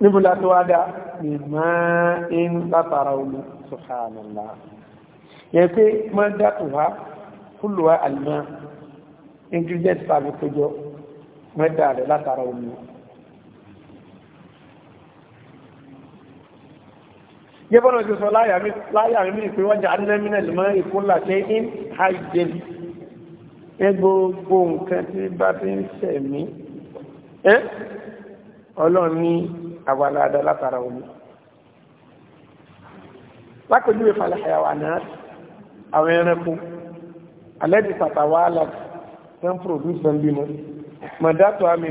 níbùlá tó wá dáa lè máa ń látara omi subhanallah yẹn pé máa dá wá kúlùwá àlùmá ingredient tàbí kójọ mẹ́ta rẹ̀ látara omi yẹ́bọ́n náà ti sọ láyà mi ìpín wọ́n jẹ́ anẹ́mínà lèmọ́ ìkúnlà ṣe in hajjẹ́ ẹ gbogbo nǹkan tí bá fi ń sẹ̀mí ẹ́ ọlọ́run ní àwàlàdà látara omi lákòjúwe falẹ̀ àwọn àná àwọn ẹranko alẹ́dì tàtàwà alàbì tó ń pòròdúsọ ń bímọ mọ̀dátọ̀ àmì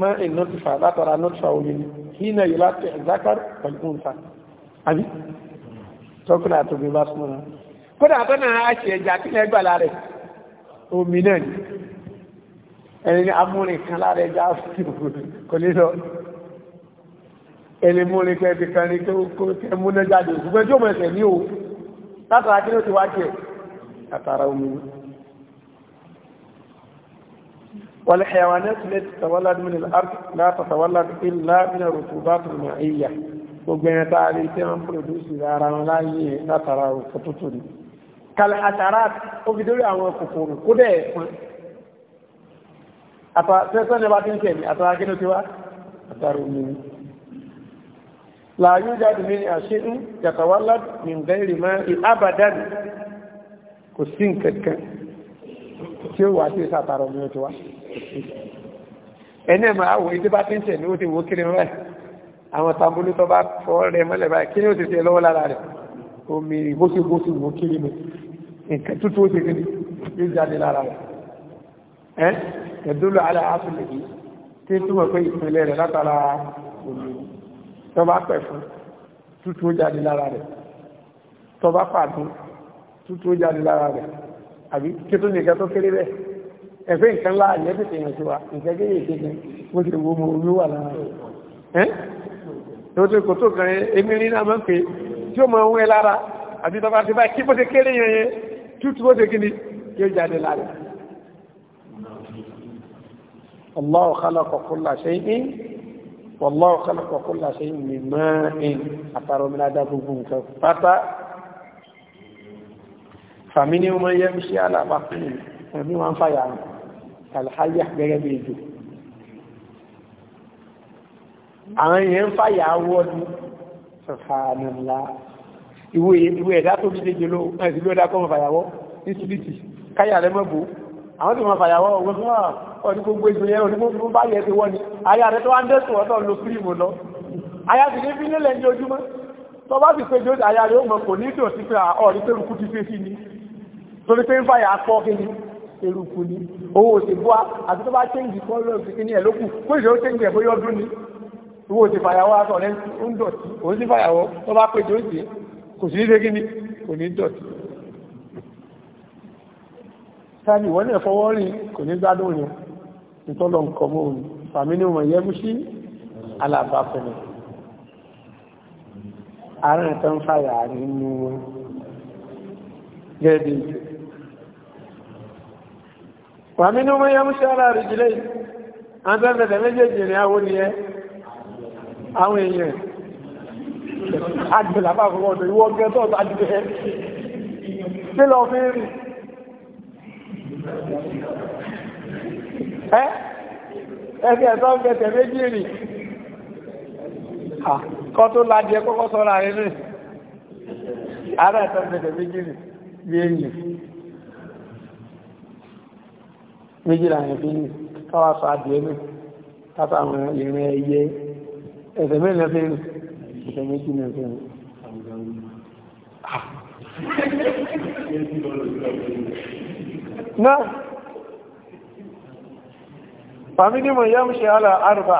mọ́ ìnọ́tìfà látara nọ́tìfà omi hínà yìí láti ẹ̀zákàr pẹ̀lú nǹkan àbí tọ́kùnrin àtòbí bá súnmọ́ náà kódà tó náà á ṣe ẹja kí lẹ́gbà lára omi náà ni ẹni ní amúrin kan lára ẹja kò ní lọ ẹni múrin kẹbi kan ní kẹ múná jáde ṣùgbọ́n tí ó mọ̀ ẹ̀sẹ̀ ní o látara kí ló ti wá jẹ látara omi والحيوانات التي تتولد من الأرض لا تتولد إلا من الرطوبات المائية gbogbo ẹ̀yẹn tá a rí tí wọ́n pòdúsì ara wọn láyé látara òkú tuntun ni kalẹ̀ àtàrà ó fi dórí àwọn kòkòrò kó dẹ̀ ẹ̀fọn àtàtẹ́sẹ́ ni bá ti ń tẹ̀lé àtàrà kí ló ti wá àtàrà omi ni láàyè jáde ní àṣírí yàtàwálá nìgbà ìrìmọ́ ìhábàdàn kò sí nǹkan kan tí ó wà sí ìsàtàrà omi ó ti wá ẹni ẹ̀ máa wò ìdí bá ti ń tẹ̀lé ó ti wò kiri rẹ̀ àwọn tambólú tó bá fọ́ rẹ̀ mọ́lẹ̀ báyìí kí ni ó ti ṣe lọ́wọ́ lára rẹ̀ omi ìgbóṣegbóṣe wò kiri mi nǹkan tútù ó ti kiri yóò jáde lára rẹ̀ ẹ́ ẹ̀dúlọ̀ alẹ́ àtúnlẹ̀ yìí tí ó túnmọ̀ pé ìpínlẹ̀ rẹ̀ látara omi tó bá pẹ̀ fún tútù ó jáde lára rẹ̀ tó bá pàdún tútù ó jáde lára rẹ̀ sí wa nǹkan kéèyàn wà lára rẹ̀ tó tó kò tó kàn émi rí náà máa ń pè tí ó máa ń wé lára àti tọ́ba ti báyìí kí bó ṣe kéré yẹn yẹn tútù bó ṣe kí ni yóò jáde lára. fàmí ni wọ́n yẹ́ bí ṣe alábàápín ẹ̀mí wọn fàyà alhayah gẹ́gẹ́ bí ìjò àwọn èèyàn ń fàyà wọ́ ní ṣàfàànàlá ìwé ẹ̀dá tó bí déjò ló ẹ̀sì ló dákọ́ mọ̀ fàyàwọ́ ní síbìtì káyà rẹ mọ́bò àwọn tí mọ̀ fàyàwọ́ ọgbọ́n fún ah, ọdún gbogbo ìgbìyàn ọdún gbogbo bá yẹ ti wọ́n ni aya rẹ tó wá ń dẹ́sùn ọ̀tọ̀ lo fíìmù lọ aya sì ní fílẹ̀ lẹ́yìn ojúmọ́ tó bá sì pé jóde aya rẹ ó mọ̀ kò ní ìdò sí pé ọ̀rí pé rukú ti fẹ́ ah, sí ni torí pé ń fàyà pọ́ kí ni eruku ni owó òsèbúà àti tó bá ṣéǹgì kọ́ lọ́ọ̀ sí kí ni ẹ̀ lókù kó ìṣòro ṣéǹgì ẹ̀ bóyá ọdún ni owó ti fàyàwọ́ aṣọ rẹ̀ ń dọ̀tí òun sí fàyàwọ́ tó bá pèjì ó sì kò sí ṣe kí ni kò ní dọ̀tí sáàbì wọ́n náà fọwọ́ rìn kò ní gbádùn òun nítọ́lọ̀ nǹkan mọ́ òun fàmí ni wọ́n yẹ́ búṣí alábàáfẹ́lẹ̀ àárín tó ń fàyà nínú wọn gẹ́gẹ́ bí wàmí ni wọ́n yẹ́ búṣí alábàáfẹ́lẹ̀ àwọn èèyàn àgbẹ̀ làbá àkọ́kọ́ ọ̀dọ̀ ìwọ ọgbẹ́ tó ọ̀tà jù ẹ́ tí lọ fi rí ẹ́ ẹ̀fí ẹ̀sọ́ ń bẹ̀tẹ̀ méjì rì kọ́ tó lájẹ kọ́kọ́ sọ́ra rẹ̀ rẹ̀ ara ẹ̀sọ́ ń bẹ̀tẹ̀ méjì rì bí èyí méjì làyẹ̀ fi yìí káwà sọ adìẹ mi látàwọn ìrìn ẹyẹ ẹ̀sẹ̀ mẹ́rin ẹ̀sẹ̀ rẹ̀ ẹ̀sẹ̀ méjì ní ẹ̀sẹ̀ rẹ̀ náà fàmí ní mọ̀ yá mú ṣe hálà arba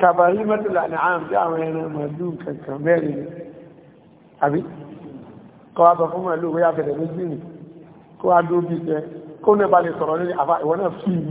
kàbàrí mẹ́tìlá ní àmì bí àwọn ẹran màlú kankan mẹ́rin ni àbí kọ́ wá sọ fún màlú wọ́n yá fẹ̀rẹ̀ méjì ni kó wá dó bí jẹ kó ní balẹ̀ sọ̀rọ̀ ní àfà ìwọ̀n náà fíìmù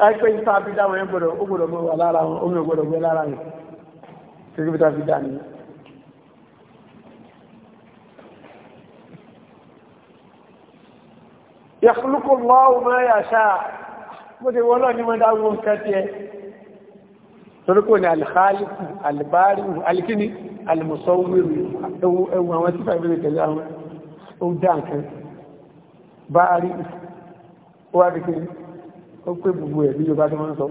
láìpẹ́ ìfà bí dáwọn ẹ gbọ́dọ̀ ó gbọ́dọ̀ mọ́ wà lára wọn omi ògbọ́dọ̀ gbé lára rẹ̀ tẹ́gbẹ́ tá fi dá ní yàkùlùkù lọ́wọ́ máa yà ṣáà bó ti wọ́n lọ́ ní mọ́dá wọn ó dá nǹkan báárí wà dìkìní ó pé gbogbo ẹ̀ bí Yorùbá tó máa ń sọ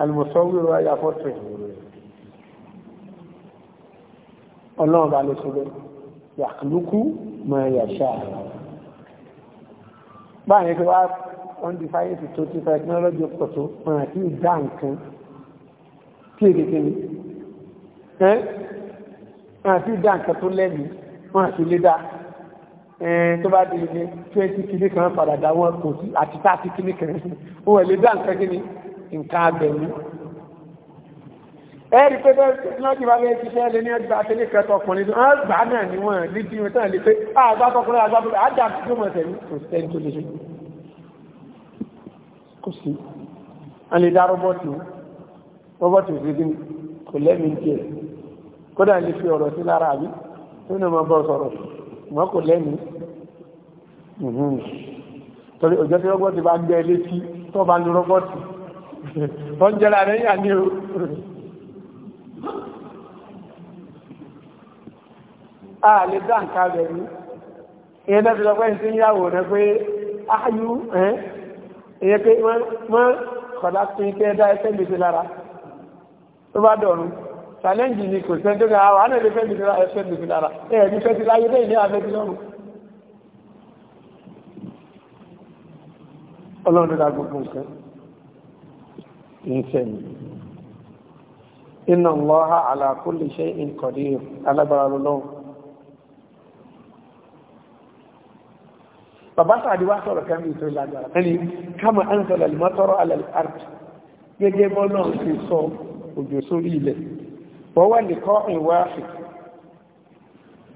alùmọ̀sọ́ wíwọ ayé afọ́tẹ̀ ọlọ́run bá ló sọ́lẹ̀ yàkùlùkù mọ̀ ẹ̀yà ṣáà báyìí tó wá wọ́n di sáyẹ́ǹsì tó ti tẹkinọ́lọ́jì pọ̀ tó wọn àti ìdá nǹkan tí èdè kìíní ẹ́ wọn àti ìdá nǹkan tó lẹ́nu wọn àti ilé dáa Eh, tó bá di ilé twenty kìíní kan padà dá wọn kò sí àti thirty kìíní kan òun lè dá nǹkan kí ni nǹkan abẹ̀mí. ẹ rí i pé bẹ́ẹ̀ ní ọjọ́ ìbáwẹ́ ti ṣẹ́ lé ní ọgbà àtẹlé kẹta ọkùnrin wọn gbà náà ni wọn ní bí wọn tán lè pé àgbà tọkùnrin àgbà bọ́lá àjà tó mọ̀ tẹ̀lé kò sẹ́ni tó lè ṣe. kò sí wọn lè dá rọ́bọ́tì rọ́bọ́tì òṣèlú kò lẹ́mìí tiẹ̀ kódà lè fi ọ̀rọ̀ sí lára àbí tó ní ọmọ bọ́ sọ̀rọ̀ wọ́n kò lẹ́nu mhm. torí òjò tí rọ́bọ́tì bá gbẹ́ létí tó bá ní rọ́bọ́tì wọ́n jẹ́ra rẹ̀ yà ní o a lè dá nǹkan rẹ̀ ní ìyẹn náà fi lọ́pẹ́ sí ìyàwó rẹ̀ pé áyú ah, ẹ́ ìyẹn pé wọ́n kọ̀dá sí ìkẹ́ dá ẹsẹ́ lè fi lára tó bá dọ̀rùn challenge ni kò sẹ́ni tó ga àwọn àná ilé fẹ́ẹ́ bìtìlára ẹ fẹ́ẹ́ bìtìlára ẹ ẹ̀mí fẹ́ẹ́ ti láyé bẹ́ẹ̀ ní abẹ́ ti lọ́rùn. ọlọ́run ló dá gbogbo nǹkan ní sẹ́yìn. inna Allaha ala kulli shay'in qadir alágbára lọ́wọ́. bàbá sàdí wá sọ̀rọ̀ kan bí ìtò ìlàgbára ẹni kama anzala al-matara ala al-ard gẹ́gẹ́ bọ́ náà ti sọ òjò sórí ilẹ̀ وهو لقاء واحد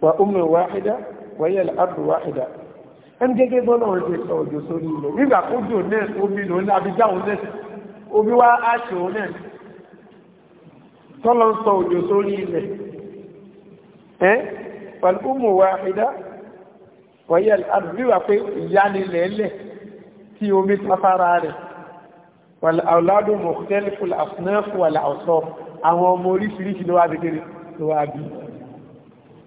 وأم واحدة وهي الأرض واحدة ẹn gẹ́gẹ́ bọ́lá wọn ti sọ òjò sórí ilẹ̀ nígbà kójú náà omi lòun náà àbíjá òun náà omi wá aṣọ òun náà tọ́lọ́ ń sọ òjò sórí ilẹ̀ ẹ́ pẹ̀lú ọmọ wa ìdá wọ́yẹ̀ àdúgbò wà pé ìyá nílẹ̀ ẹlẹ̀ tí omi tafara rẹ̀ wàláàdù mọ̀kútẹ́lìfù àfúnáfù wàlà ọ̀sọ́ àwọn ọmọ oríṣiríṣi ló wá gẹ́gẹ́rẹ́ ló wá bí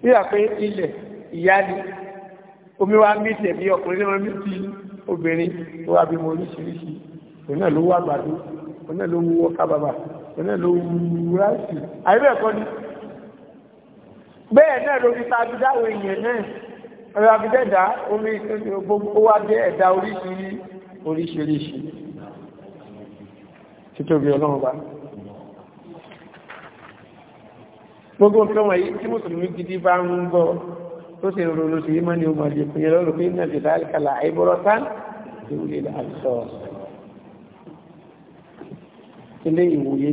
i yà pé ilẹ̀ ìyá ni omi wá mítì ẹ̀bí ọkùnrin náà mítì obìnrin ló wá bí mọ oríṣiríṣi òun náà ló wá gbàdú òun náà ló wú ọkà bàbà òun náà ló wú ráìsì títóbi ọlọ́run bá gbogbo nǹkan wọ̀nyí tí mùsùlùmí gidi bá ń gbọ́ tó sì ronú sí ìmọ̀ ni ọmọ ìdìkú yẹn lọ́rùn pé náà dìdá àlìkàlà àìbọ̀rọ̀ tán tí ó lè àìsọ ilé ìwòye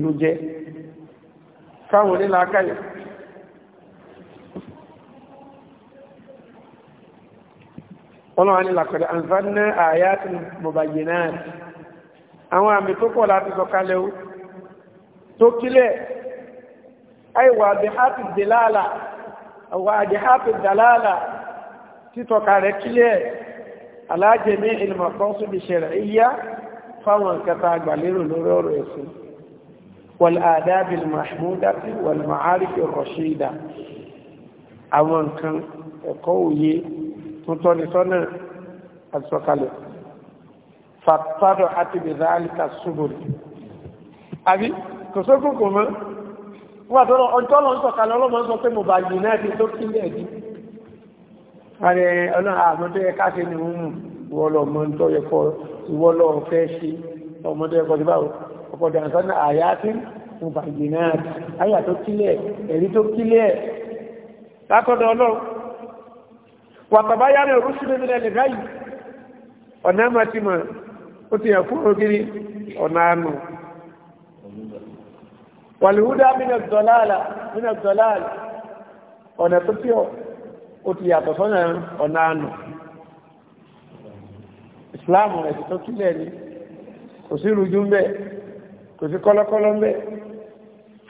ọlọ́run ni làkọ̀dẹ̀ àǹfààní àyàtì mọ̀bàyìnáàtì àwọn àmì tó pọ̀ láti sọ kalẹ̀ o tó kílẹ̀ àìwà àdìhátì dìláàlà àwọn àdìhátì dàláàlà títọ́ka rẹ̀ kílẹ̀ alájẹ̀mí ìlmọ̀kọ́sù bí ṣẹ̀rẹ̀ iyá fáwọn kẹta àgbàlérò lórí ọ̀rọ̀ ẹ̀sìn والآداب المحمودة والمعارف الرشيدة àwọn nǹkan ẹ̀kọ́ òye tuntun nìtọ́nà àti sọ̀kalẹ̀ fàtàdọ̀ àti bẹ̀rẹ̀ àlìkà ṣubùrù àbí kò sókùn kò mọ́ wà tọ́lọ ọjọ́ lọ ń sọ̀kalẹ̀ ọlọ́mọ sọ pé mo bá yìí náà ti tó kílẹ̀ ẹ̀dí ààrẹ ọlọ́run àmọ́ tó yẹ káṣe ni wọ́n mú ìwọ́lọ̀ ọmọ tó yẹ kọ́ ìwọ́lọ̀ fẹ́ ṣe ọmọ tó yẹ kọ́ síbáwò ọkọ̀ dànsánà àyà tí mo bá yìí náà ó ti yàn fún ògiri ọ̀nà àánú wàlúhúdá mínà dọ̀láàlì ọ̀nà tó tí ó ti yàtọ̀ sọ́nà ọ̀nà àánú islam ẹ̀sì tó kílẹ̀ ní kò sí rújú mẹ́ kò sí kọ́lọ́kọ́lọ́ mẹ́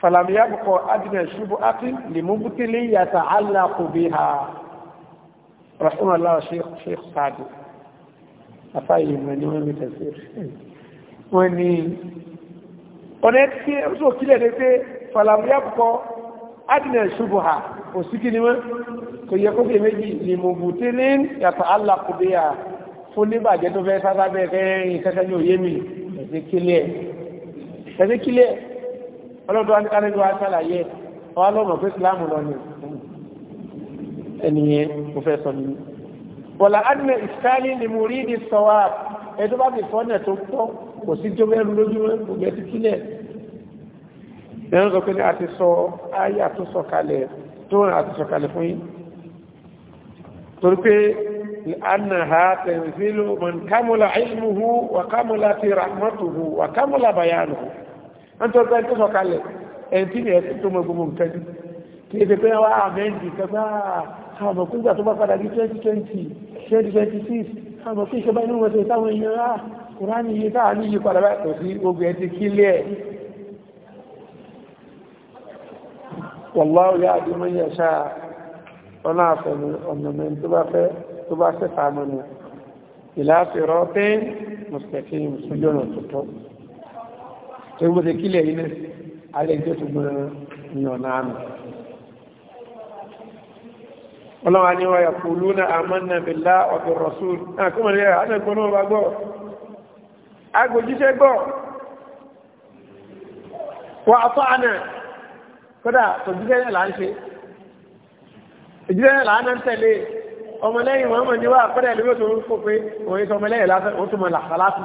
falamiyabukọ adìnà ṣubu ápí lè mú bútílé yàtà alákòbí ha rahimahullah sheikh sadu àfáyè ìmọ̀ ni wọ́n mẹ́ta sí wọ́n ni ọ̀nà tí ó sọ kílẹ̀ ní pé falamuya kọ́ adìnà ṣubù ha kò sí kí ni wọ́n kò yẹ kó fèé méjì ni mo bù tí ní yàtọ̀ alákùnbíyà fún níbàjẹ́ tó fẹ́ sára bẹ́ẹ̀ fẹ́ ìkẹ́kẹ́ ní òye mi ẹ̀sẹ̀ kílẹ̀ ẹ̀sẹ̀ kílẹ̀ ọlọ́dọ̀ anìkanẹ́gbẹ̀ wa ṣàlàyé ọlọ́mọ̀ pé ìsìlámù lọ ni ẹnìyẹn mo fẹ́ sọ nínú bọ̀lá adìmẹ̀ ìsáàlì ni mo rí ní sọ́wọ́ ẹjọ́ bá ti fọ́nà tó pọ̀ kò sí tó mẹ́rin lójúmọ́ kò gbẹ ti kílẹ̀ ẹ̀rọ sọ pé a ti sọ ayé àtúnṣọkalẹ̀ tó rìn àtúnṣọkalẹ̀ fún yín torí pé annaha tẹ̀sílù mọ̀n kámúlà ilmuhu wà kámúlà ti rahmatuhu wà kámúlà bayanuhu wọ́n tó gbẹ́ tó sọkalẹ̀ ẹ̀yìn tí ni ẹ̀sìn tó mọ gbogbo nǹkan kí ẹ̀sìn pé wọ́n á mẹ́ǹdì ah, kẹgbà tó bá padà ní 2020 2026 àmọ̀ kí ìṣẹ́bá inú wọ́n ṣe táwọn èèyàn rá ah, kùránì yìí táà ní yípadà bá tọ̀ sí ogun ẹ̀ ti kílẹ̀ ẹ̀ wọ̀láwọ̀ yá àdúmọ̀ yẹ̀ ṣáà ọ̀nà àfẹ̀mù ọ̀nàmẹ́ tó bá fẹ́ tó bá fẹ́ fàmọ́nù ìlàáfẹ́rọ́ pé mùsùlùmí ọlọ́wà ní wáyà kúlú na àmọ́nà bèlá ọ̀bẹ̀ rọ̀súl náà kúmọ̀ lẹ́yà agbẹ̀gbọ́n náà wà gbọ́ agbòjíṣẹ́ gbọ́ wà àtọ́ àná kódà tòjíṣẹ́ yẹn là ń ṣe ìjíṣẹ́ yẹn là ń tẹ̀lé ọmọlẹ́yìn mọ́mọ́ ni wà kódà ìlú tó ń fò pé òun ìṣọ́ ọmọlẹ́yìn lásán ó túnmọ̀ làṣàlátù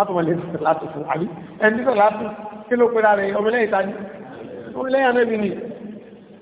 átùmọ̀lẹ́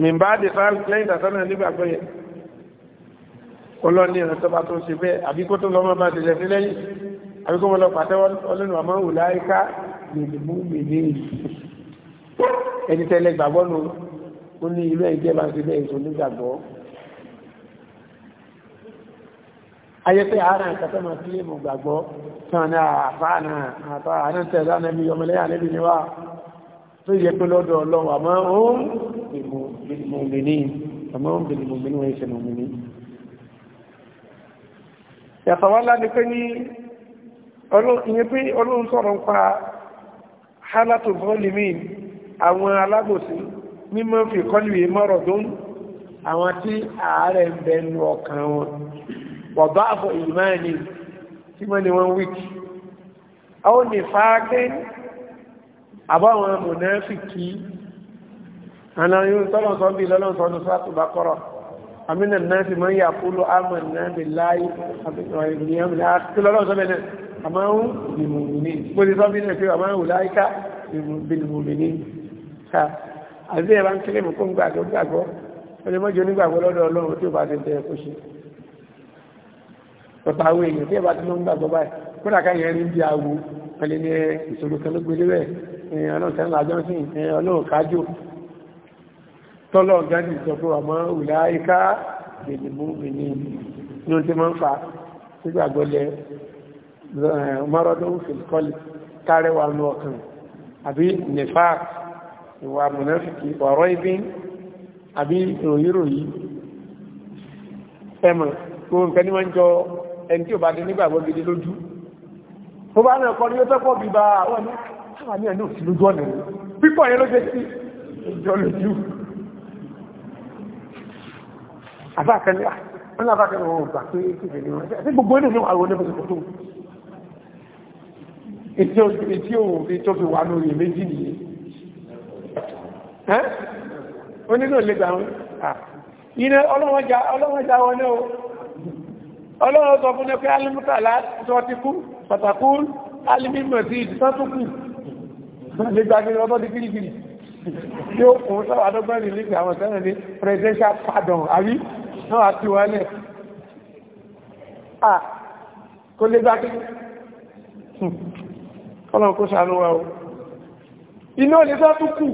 mìmbá dè fáwọn lẹ́yìn tàtọ́nà nígbàgbọ́ yẹn kọlọ́ni ẹ̀rọ tó bá tó ṣe bẹ́ẹ̀ àbí kó tó lọ́mọ bá tẹ̀lẹ̀ sí lẹ́yìn àbí kó mọ́ lọ pàtẹ́wọ́ ọlọ́nu àmọ́ wù láìka gbèdébú gbèdé ẹni tẹ́lẹ̀ gbàgbọ́ nu ó ní ilé ẹ̀jẹ̀ bá ṣe bẹ́ẹ̀ tó nígbàgbọ́. ayé pé ara nǹkan tó máa sílé mọ̀ gbàgbọ́ tí wọ́n ní àfáà náà àfáà tó yẹ pé lọ́dọ̀ ọlọ́run àmọ́ òun bìlìmọ̀mìnì àmọ́ òun bìlìmọ̀mìnì wọ́n ṣe mọ̀mìnì yàtọ̀ wá láti pé ní ìyẹn pé ọlọ́run sọ̀rọ̀ ń pa hálàtò bọ́ọ̀lìmí àwọn alábòsí mímọ́ fi kọ́lùwé mọ́rọ̀ dún àwọn tí ààrẹ ń bẹ nu ọkàn wọn wọ̀bá àbọ̀ ìmáà ni tí wọ́n ni wọ́n wíkì àbáwọn mùnáfìkì àlàyún tọ́lọ̀sọ́ bí lọ́lọ́sọ́ ní sátùbá kọ́rọ̀ àmìnà náà sì máa ń yàkúlò àmàn náà bí láyé àti ẹ̀bá ń kílé mú kó ń gbàgbọ́ gbàgbọ́ ẹni mọ́jọ onígbàgbọ́ lọ́dọ̀ ọlọ́run tí ó bá ti tẹ́ ẹ̀kọ́ ṣe pẹ̀pẹ̀ àwọn èèyàn tí ẹ̀bá ti lọ ń gbàgbọ́ báyìí kó dàkà yẹn rí bí awo ẹni ní ìṣòro kan ló gbélé bẹ́ẹ̀ ọlọ́tẹ́lá jọ́sìn ọlọ́ọ̀kájò tọ́lọ̀ gádì sọ pé ọmọ ìlàáríká gbèdìmú ìní ní oúnjẹ máa ń fa sígbàgbọ́lẹ̀ eh, mọ́rọ́dún fìlkọ́lì tárẹwà ní ọkàn àbí nefak ìwà mọ̀nẹ́fìkì ọ̀rọ̀ ibi àbí ìròyìnròyìn ẹmọ̀ tó ń kẹ́ ní wọ́n jọ ẹni tí ò bá dé nígbàgbọ́ gidi lójú tó bá náà kọ́ ní ó tẹ́pọ̀ bíbá àwọn ẹ̀mọ́ sáwà ní ẹ̀nà òsì lójú ọ̀nà pípọ̀ yẹn ló jẹ́ sí ìjọ lójú àbákanlẹ̀ wọn náà bákanlẹ̀ wọn gbà pé kéde ní wọn ṣe gbogbo náà ọlọ́wọ́ sọ fún ẹgbẹ́ alimutala tó ti kú pàtàkùn alimimọ̀ sí ìdísọ́tùkù lè gba kiri ọtọ́ di kirikiri tí ó kún sọ́wọ́ adọ́gbọ́n rìlífì àwọn sẹ́rẹ̀ ní presidential pardon àbí náà àti wọlé à kó lè gba kiri ọlọ́run kó sàánú wa o iná lè sọ́ tó kù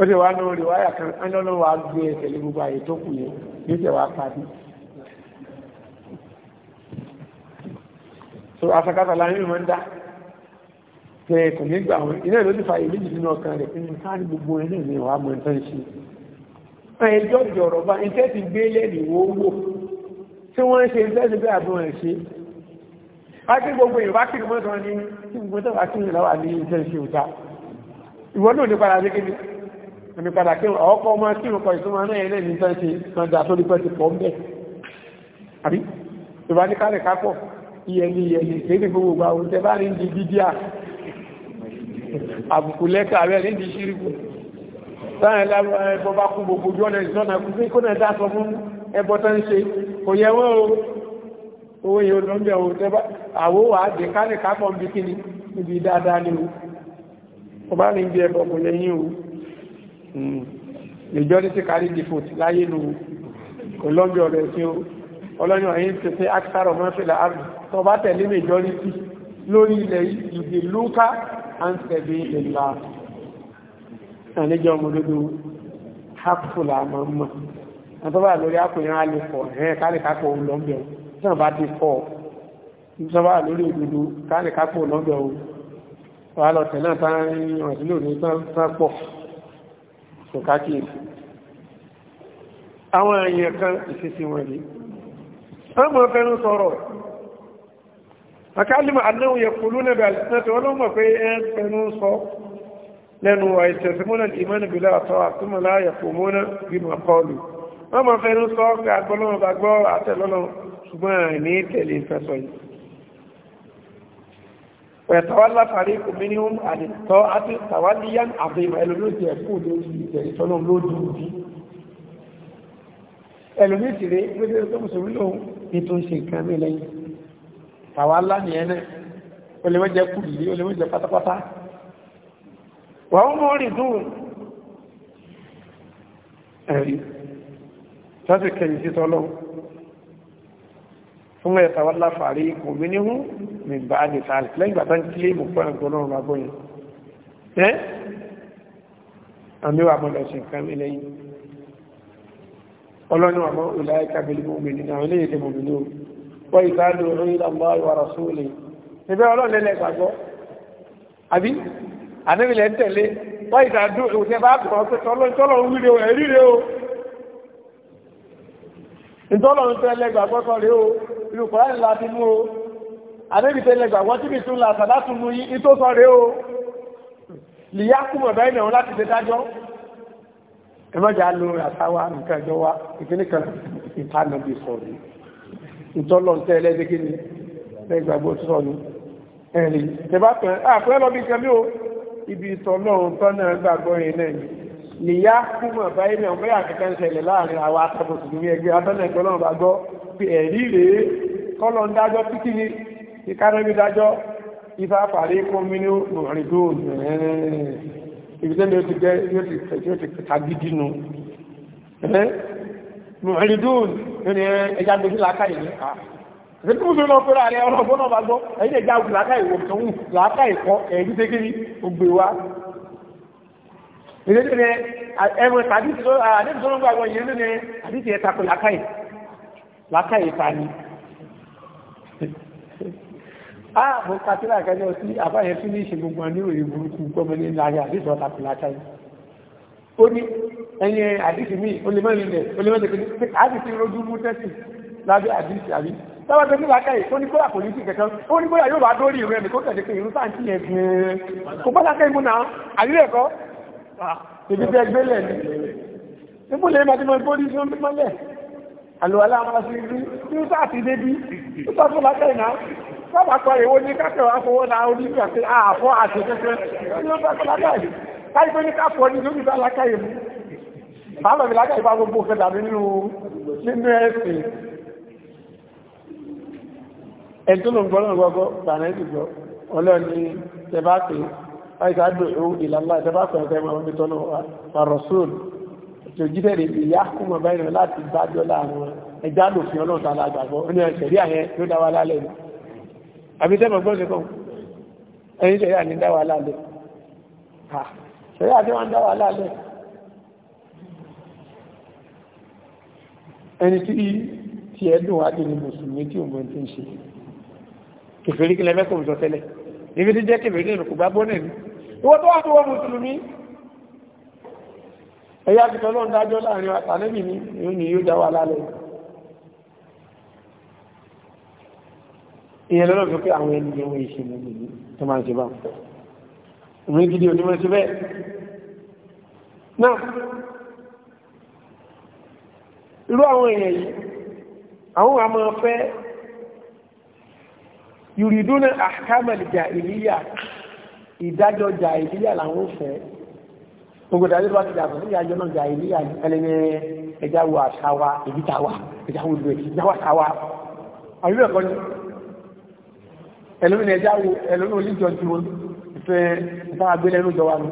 ó sì wá lórí wáyà kan ẹni ọlọ́run wa gbé ẹsẹ̀ lé gbogbo àyè tó kù yẹn ní ìṣẹ̀wà pàdé so asakata láàrin ìmọ̀ ń dá pé kò ní gbà wọn iná ìlú ti fa ìlú jù nínú ọkàn rẹ̀ nínú káàrí gbogbo ẹni ìrìn wà mọ̀ nǹkan ṣe ẹjọ́ ìjọ̀rọ̀ bá ń tẹ́ ti gbé lẹ́nìwó wò tí wọ́n ń ṣe ń tẹ́sí bí àbúrò ẹ̀ ṣe a ti gbogbo ìwá kiri mọ́tò ní tí gbogbo tó wà kiri lọ́wà ní iṣẹ́ iyẹliyẹli kéde gbogbo gba ohun tẹ bá rí ní bídíà àbùkù lẹ́ka rẹ̀ nídìí ṣíríkù sáyẹn lábọ́ ẹbọ bá kú gbogbo ojú ọ̀nà ìsọ́nà kú pé kó náà dá sọ fún ẹbọ tó ń ṣe kò yẹ wọ́n o owó yìí ló ń bẹ̀ o tẹ́ bá àwọ̀ wà ni o kò bá ní bí ẹbọ kò yẹ ní hmm. ti kárí default láyé nu kò ọ̀rẹ́ sí o ọlọ́yìn ọ̀yìn ti pé ákítàrọ̀ mọ́fìlà tó bá tẹ̀lé majority lórí ilẹ̀ ìdè lókà and sẹ̀bí ìlà àníjọ ọmọdodo hapfula mọ́mọ́ àtọ́bà lórí àkùnrin alẹ́kọ̀ọ́ ẹ̀ẹ́ kálẹ̀kápọ̀ lọ́mbẹ̀ tí wọ́n bá ti kọ́ ìjọba lórí ìdòdó kálẹ̀kápọ̀ lọ́mbẹ̀ o wà lọ tẹ̀lé àtàrin ọ̀sílò ní sápọ̀ tó kákìí àwọn èèyàn kan ìṣesí wọn rí ọmọ fẹ́rún sọ̀rọ̀ akálìmọ̀ annáwó yẹ kúlú náà bẹ̀ àlìsínàtì ọlọ́mọ̀ pé ẹn pẹ̀lú sọ lẹ́nu àìsẹ̀símọ́nà ìmọ́nà bílá àtọ́ àtúmọ̀lá yẹ̀kùnmọ́nà bínú àkọlù wọ́n mọ̀ fẹ́nu sọ pé agbọ́lọ́mọ̀ bá gbọ́ àtẹ̀lọ́lọ́ ṣùgbọ́n àìní tẹ̀lé ìfẹ́sọ̀ yìí pẹ̀tàwálá parí kò mínimum àdìtọ́ àti tàwálíyàn àbẹ̀mọ̀ ẹlòmí ti ẹ̀kú lórí ìtẹ̀lẹ́tọ́lọ́ tó mùsùlùmí lòun ètò ìṣe lẹ́yìn tàwálá ni, ẹnẹ́ o lè mọ́jẹ kù yìí o lè mọ́jẹ pátápátá wà ó mọ́ rìn dùn ẹ̀rí tọ́sí kẹyìn sí tọ́lọ́ fún ẹ̀ tàwálá fàárí ikú mi ní hún mi bá a lè sáré lẹ́yìn bàtà ń kílé mú pẹ́ ẹ̀gbọ́n náà máa gbóyìn ẹ́ àmì wà mọ́lẹ̀ sí nǹkan mi lẹ́yìn ọlọ́run àmọ́ ìlà ẹ̀ka bẹ̀lú mọ́mìnì àwọn ilé wọ́n ìtàdù orí ìlàmbá ìwà rasúlì ẹgbẹ́ ọlọ́lẹ́lẹ́ gbàgbọ́ àbí àníbìlẹ̀ ń tẹ̀lé wọ́n ìtàdù òṣè bá bùkọ́ pé tọ́lọ́ ń wíre o ẹ̀rí rẹ o ìtọ́lọ̀ ń tẹ́lẹ̀ gbàgbọ́ kọ́ rẹ o ìlú kọ́lá ńlá ti mú o àníbìtẹ́lẹ̀ gbàgbọ́ tí bìtún la sàdá tún mú yín ìtó sọ rẹ o lìyá kúmọ̀ bẹ́ẹ̀ náà láti ìtọ́lọ́ntẹ́ ẹlẹ́gbẹ́gbẹ́ ni lẹ́gbàgbọ́ sọ ni ẹ̀rì tẹ́bàtọ̀ àpẹẹ́ lọ bí kẹmí o ibi ìtọ́lọ́run tọ́ náà gbàgbọ́ yẹn náà ni níyá kúmọ̀ báyìí náà bóyá kẹkẹ́ ń ṣẹlẹ̀ láàrin àwọn akẹ́kọ̀ọ́ tuntun ní ẹgbẹ́ abẹ́nà ìtọ́lọ́run gbàgbọ́ pé ẹ̀rí rèé kọ́lọ̀ ń dájọ́ títí ni ìkárẹ́bí dájọ́ ifá pàrí kọ́mínú rìndóòn ibi tẹ́lẹ̀ yóò ti tàbí dínú mùhìrìdùn ní ẹja gbèsè làákàyè ní ká ṣètò mùsùlùmí náà pẹ̀lú ààrẹ ọ̀rọ̀ ọ̀gbọ́n náà bá gbọ́ ẹ̀yìn ẹja òkú làákàyè wò kàn wù làákàyè kọ́ ẹ̀yìn tó kékeré ògbè wa. ìrètí ni ẹ̀rọ tàbí tó àdébí tó ń gbà wọ ìrètí ni àbí tiẹ̀ takò làákàyè làákàyè ta ni. a (laughs) ah, mo kàtí làákàyè ọtí àbáyẹ fún ní ìṣègùn ó ní ẹni àdìsí mi ó lè mẹ́rin lẹ̀ ó lè mẹ́rin lẹ̀ àdìsí rojú mú tẹ́sì lábẹ́ àdìsí àbí sábà tó ní wákà yìí ó ní kóra kò ní sí kẹ̀kẹ́ ó ní kóra yóò bá dórí ìrẹ́ mi kó tẹ̀lé pé irú sáà ń tiẹ̀ gan-an kò bá sáké mú náà àrílẹ̀ ẹ̀kọ́ ibi tẹ́ gbé lẹ̀ ni níbo lè máa ti mọ ìbórí sí omi mọ́lẹ̀ àlùwàlá máa sí ibi tí ó sáà ti dé bí ó sá tó lákà ìná sábà pa èwo ní kákẹ́ wá fowó náà orí àfọ́ àti kẹ́kẹ́ ní ó sá tó lákà láì pé ní káfọ́ ní lórí bá lákàyè mú bàbá mi lákàyè bá gbogbo òfin dàbí nínú nínú ẹ̀sìn ẹni tó ló ń gbọ́nà gbọ́gbọ́ gbàná ẹ̀sìn gbọ́ ọlọ́ni tẹ́bá pé àìsà àdó ìhó ìlànà tẹ́bá pé ọ̀tẹ́ máa ń bí tọ́nà wà rọ̀sùn tó jíṣẹ́ rẹ̀ ìyá kúmọ̀ báyìí láti dájọ́ láàrin ẹjá lòfin ọlọ́ta alágbàgbọ́ ní ẹ̀ṣẹ̀rí àyẹn ló dá wa lálẹ́ ni àbí tẹ́mọ̀ gbọ́n ṣe kàn ẹ̀yìn ṣẹ̀rí àní dá wa lálẹ́ ṣeré àti wọ́n dá wà láàbẹ̀ ẹni tí tí ẹ̀dùn wá dé ní mùsùlùmí tí òun bọ́n ti ń ṣe kèfèrí kí lẹ́fẹ́ kò sọ tẹ́lẹ̀ níbi tí jẹ́ kèfèrí nínú kò bá bọ́ nẹ̀ ní ìwọ́n tó wà tó wọ́n mùsùlùmí ẹ̀yà ti tọ́lọ́ ni yóò ní yóò dá wà ìyẹn lọ́nà tó pé àwọn ènìyàn wọ́n ìṣe nìyí tó máa ń ṣe báwọn ìwé gidi onímọ̀ sí bẹ́ẹ̀ náà irú àwọn èèyàn yìí àwọn àmọ́ fẹ́ yùrìdúnà àkámàlìjà ìlíyà ìdájọ́ jà ìlíyà làwọn fẹ́ gbogbo ìdájọ́ tó bá ti dàbọ̀ sí ìdájọ́ náà jà ìlíyà ẹlẹ́ni ẹjá wo àṣà wa ìbíta wa ẹjá ìlú ẹ̀já ni ẹlẹ́ni ẹjá wo ẹlẹ́ni ti wọn ìfẹ́ bá agbélẹ́rú jọ wa ní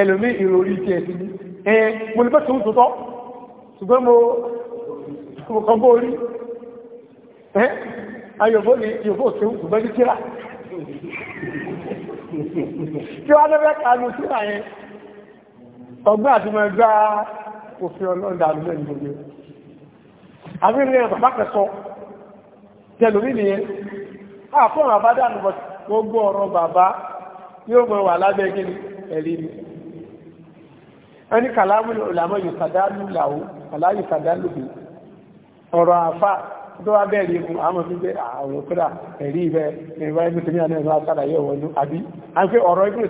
ẹlòmí ìròrí tí ẹ̀ ti ní ẹ mo lè bẹ́ẹ̀ tó ń tòótọ́ ṣùgbọ́n mo kàn bó orí ẹ ayọ̀bó ni yòbó tó ń ṣùgbọ́n ní kíra kí wá lẹ́fẹ́ kanu kíra yẹn ọgbọ́n àti mọ̀ ẹgbẹ́ òfin ọlọ́dà ló lẹ́nu gbogbo àbí ní ẹ̀ bàbá kẹsọ tẹlòmí gbogbo ọ̀rọ̀ bàbá yóò mọ̀ wà lábẹ́ gíní ẹ̀rí ni wọ́n ní kàlámù ìlàmọ́ ìfàdálù làwó kàlámù ìfàdálù bí ọ̀rọ̀ àfà tó wá bẹ́ẹ̀rí mu àmọ́ fi pé àwọn òkúra ẹ̀rí ibẹ̀ ìwà ibi tèmi àná ìwà sàlàyé ọ̀wọ́nú àbí a ń pé ọ̀rọ̀ ibi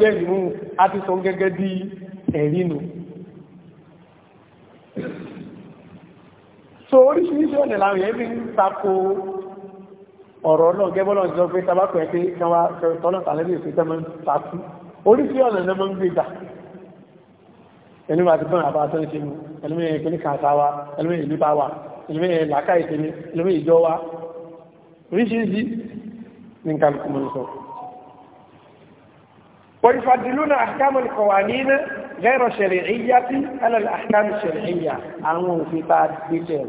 tèmi so oríṣiríṣi ọ̀nà làwọn yẹn fi ń tako ọ̀rọ̀ náà gẹ́bọ́lọ̀ sọ pé tabakọ̀ ẹ̀ pé náà tọ́lọ̀ tàlẹ́bí ìfẹ́ tẹ́mọ́ tàkú oríṣi ọ̀nà lọ́mọ́ ń gbégbà ẹni wà ti bọ́n àbá tó ń ṣe mú ẹlẹ́mí ìpínlẹ̀ kàtà wa ẹlẹ́mí ìlú bá wa ẹlẹ́mí làákà ìsinmi ويفضلون أحكام القوانين غير شرعية على الأحكام الشرعية àwọn òfin bá gbé jẹ́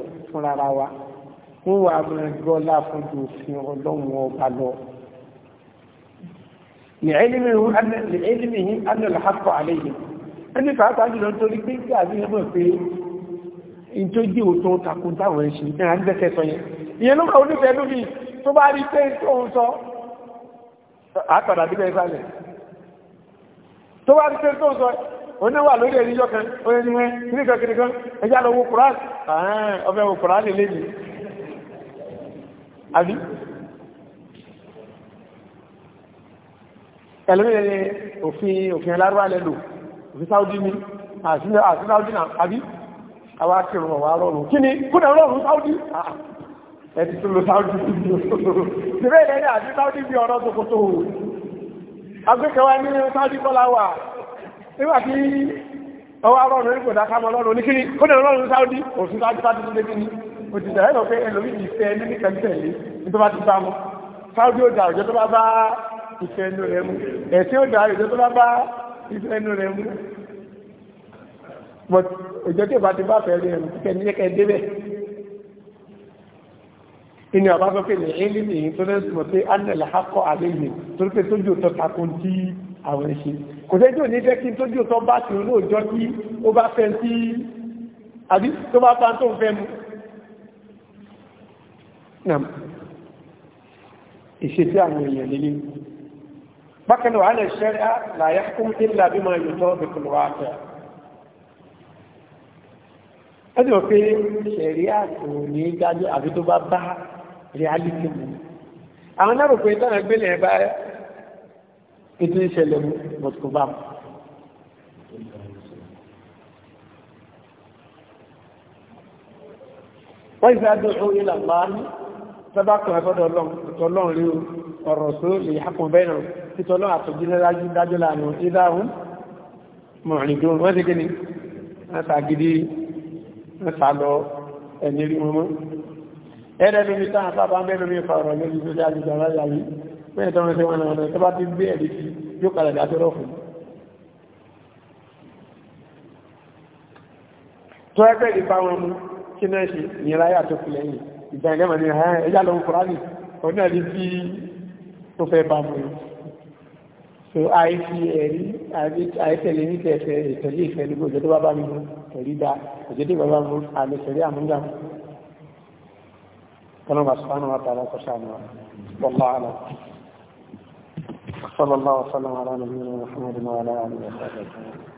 wọ́n wà máa gbọ́ láfojú òfin ọlọ́run ọba lọ. لعلمهم أن الحق عليهم ẹni pàápàá jùlọ nítorí pé kí àdínyẹ́mọ̀ pé in tó jí òtún takun táwọn ẹ̀ṣì ní àdínkẹ́kẹ́ sọ yẹn ìyẹn ló kàwọn onífẹ́ lórí tó bá rí pé tóun sọ àpàdà bílẹ̀ ìsàlẹ̀ tó bá rí pé tóun sọ oníwà lórí ẹ̀ríyọ́ kan oníwẹ́ kíríkan kíríkan ẹjá lọ wo kùrán ọfẹ́ wo kùrán lè léyìí àbí ẹlẹ́rẹ́ òfin òfin alárúwà lẹ́lò òfin Saudi ni àti Saudi náà àbí àwọn akẹrùn ọ̀wà rọrùn kí ni kúrò rọrùn Saudi ẹ̀tì tó lọ Saudi síbẹ̀ ìrẹ́lẹ́ àti Saudi bí ọ̀rọ̀ tó kótó agbẹ́kẹwà ní Saudi kọ́lá wà nígbà tí ọwọ́ rọrùn ní kò dákámọ́ rọrùn ní kí ni kúrò rọrùn Saudi òfin Saudi Saudi tó dé kí ni òtítà ẹ̀lọ́ pé ẹlòmí ìfẹ́ níbi kẹ́ntẹ̀lé tó bá ti bá mú sáwọ́dí ó dà òjò tó bá bá ìfẹ́ inú rẹ̀ mú ẹ̀sìn ó dà òjò tó bá bá ìfẹ́ inú rẹ̀ mú but òjò tí ó bá ti bá fẹ́ rẹ̀ mú kíkẹ́ ní kẹ́ débẹ̀ inú àbá sọ pé ní ẹ̀lí ní ìtọ́lẹ́sì mọ̀ pé anẹ̀lẹ̀ akọ́ àlejò torí pé tójú òtọ́ takun tí àwọn ẹ̀ṣẹ́ kò sẹ́jọ́ ní jẹ́ kí tójú òtọ́ bá ti rú òjò tí ó bá fẹ́ sí àbí tó bá bá tó fẹ́ mú nam ìṣesí àwọn èèyàn lílé bákan náà ala sharia la yahkum illa bima yutabiqu al-waqi' ẹjọ́ pé ṣẹ̀ríà kò ní dájú àbí tó bá bá reality mu àwọn náà rò tọ́nà gbélé bá ètò ìṣẹ̀lẹ̀ mu wọ́n ìfẹ́ àdúrà ìlànà sábà kan ẹ̀fọ́dọ̀ ọlọ́run rí ọ̀rọ̀ tó lè hapun bẹ́ẹ̀nà títọ́ lọ́wọ́ àtòjínlẹ́lájú dájọ́ lánà ìdáhùn mọ̀rìndún wọ́n ti gíní látàgídí látàlọ ẹni rí mọ́mọ́ ẹ̀rẹ́bí mi táà sábà ń bẹ́ẹ̀rẹ̀ mi fa ọ̀rọ̀ lórí tó dájú dára yàrí bẹ́ẹ̀ tọ́rọ sí wọn ọ̀rọ̀ tó bá ti gbé mú kí náà ṣe ìyẹn tó fi lẹ́yìn ìgbà ìlẹ́mọ̀ ní ẹ̀ ẹjá lọ kùránì òun náà rí sí tó fẹ́ bá mú so àìsí ẹ̀rí àìtẹ̀lé ní tẹ̀ẹ̀fẹ́ ìtẹ̀lé ìfẹ́ ní gbogbo tó bá bá mú ẹ̀rí dá òjòdó bá mú àmì ìtẹ̀lé àmúgbà صلى الله وسلم على نبينا محمد وعلى اله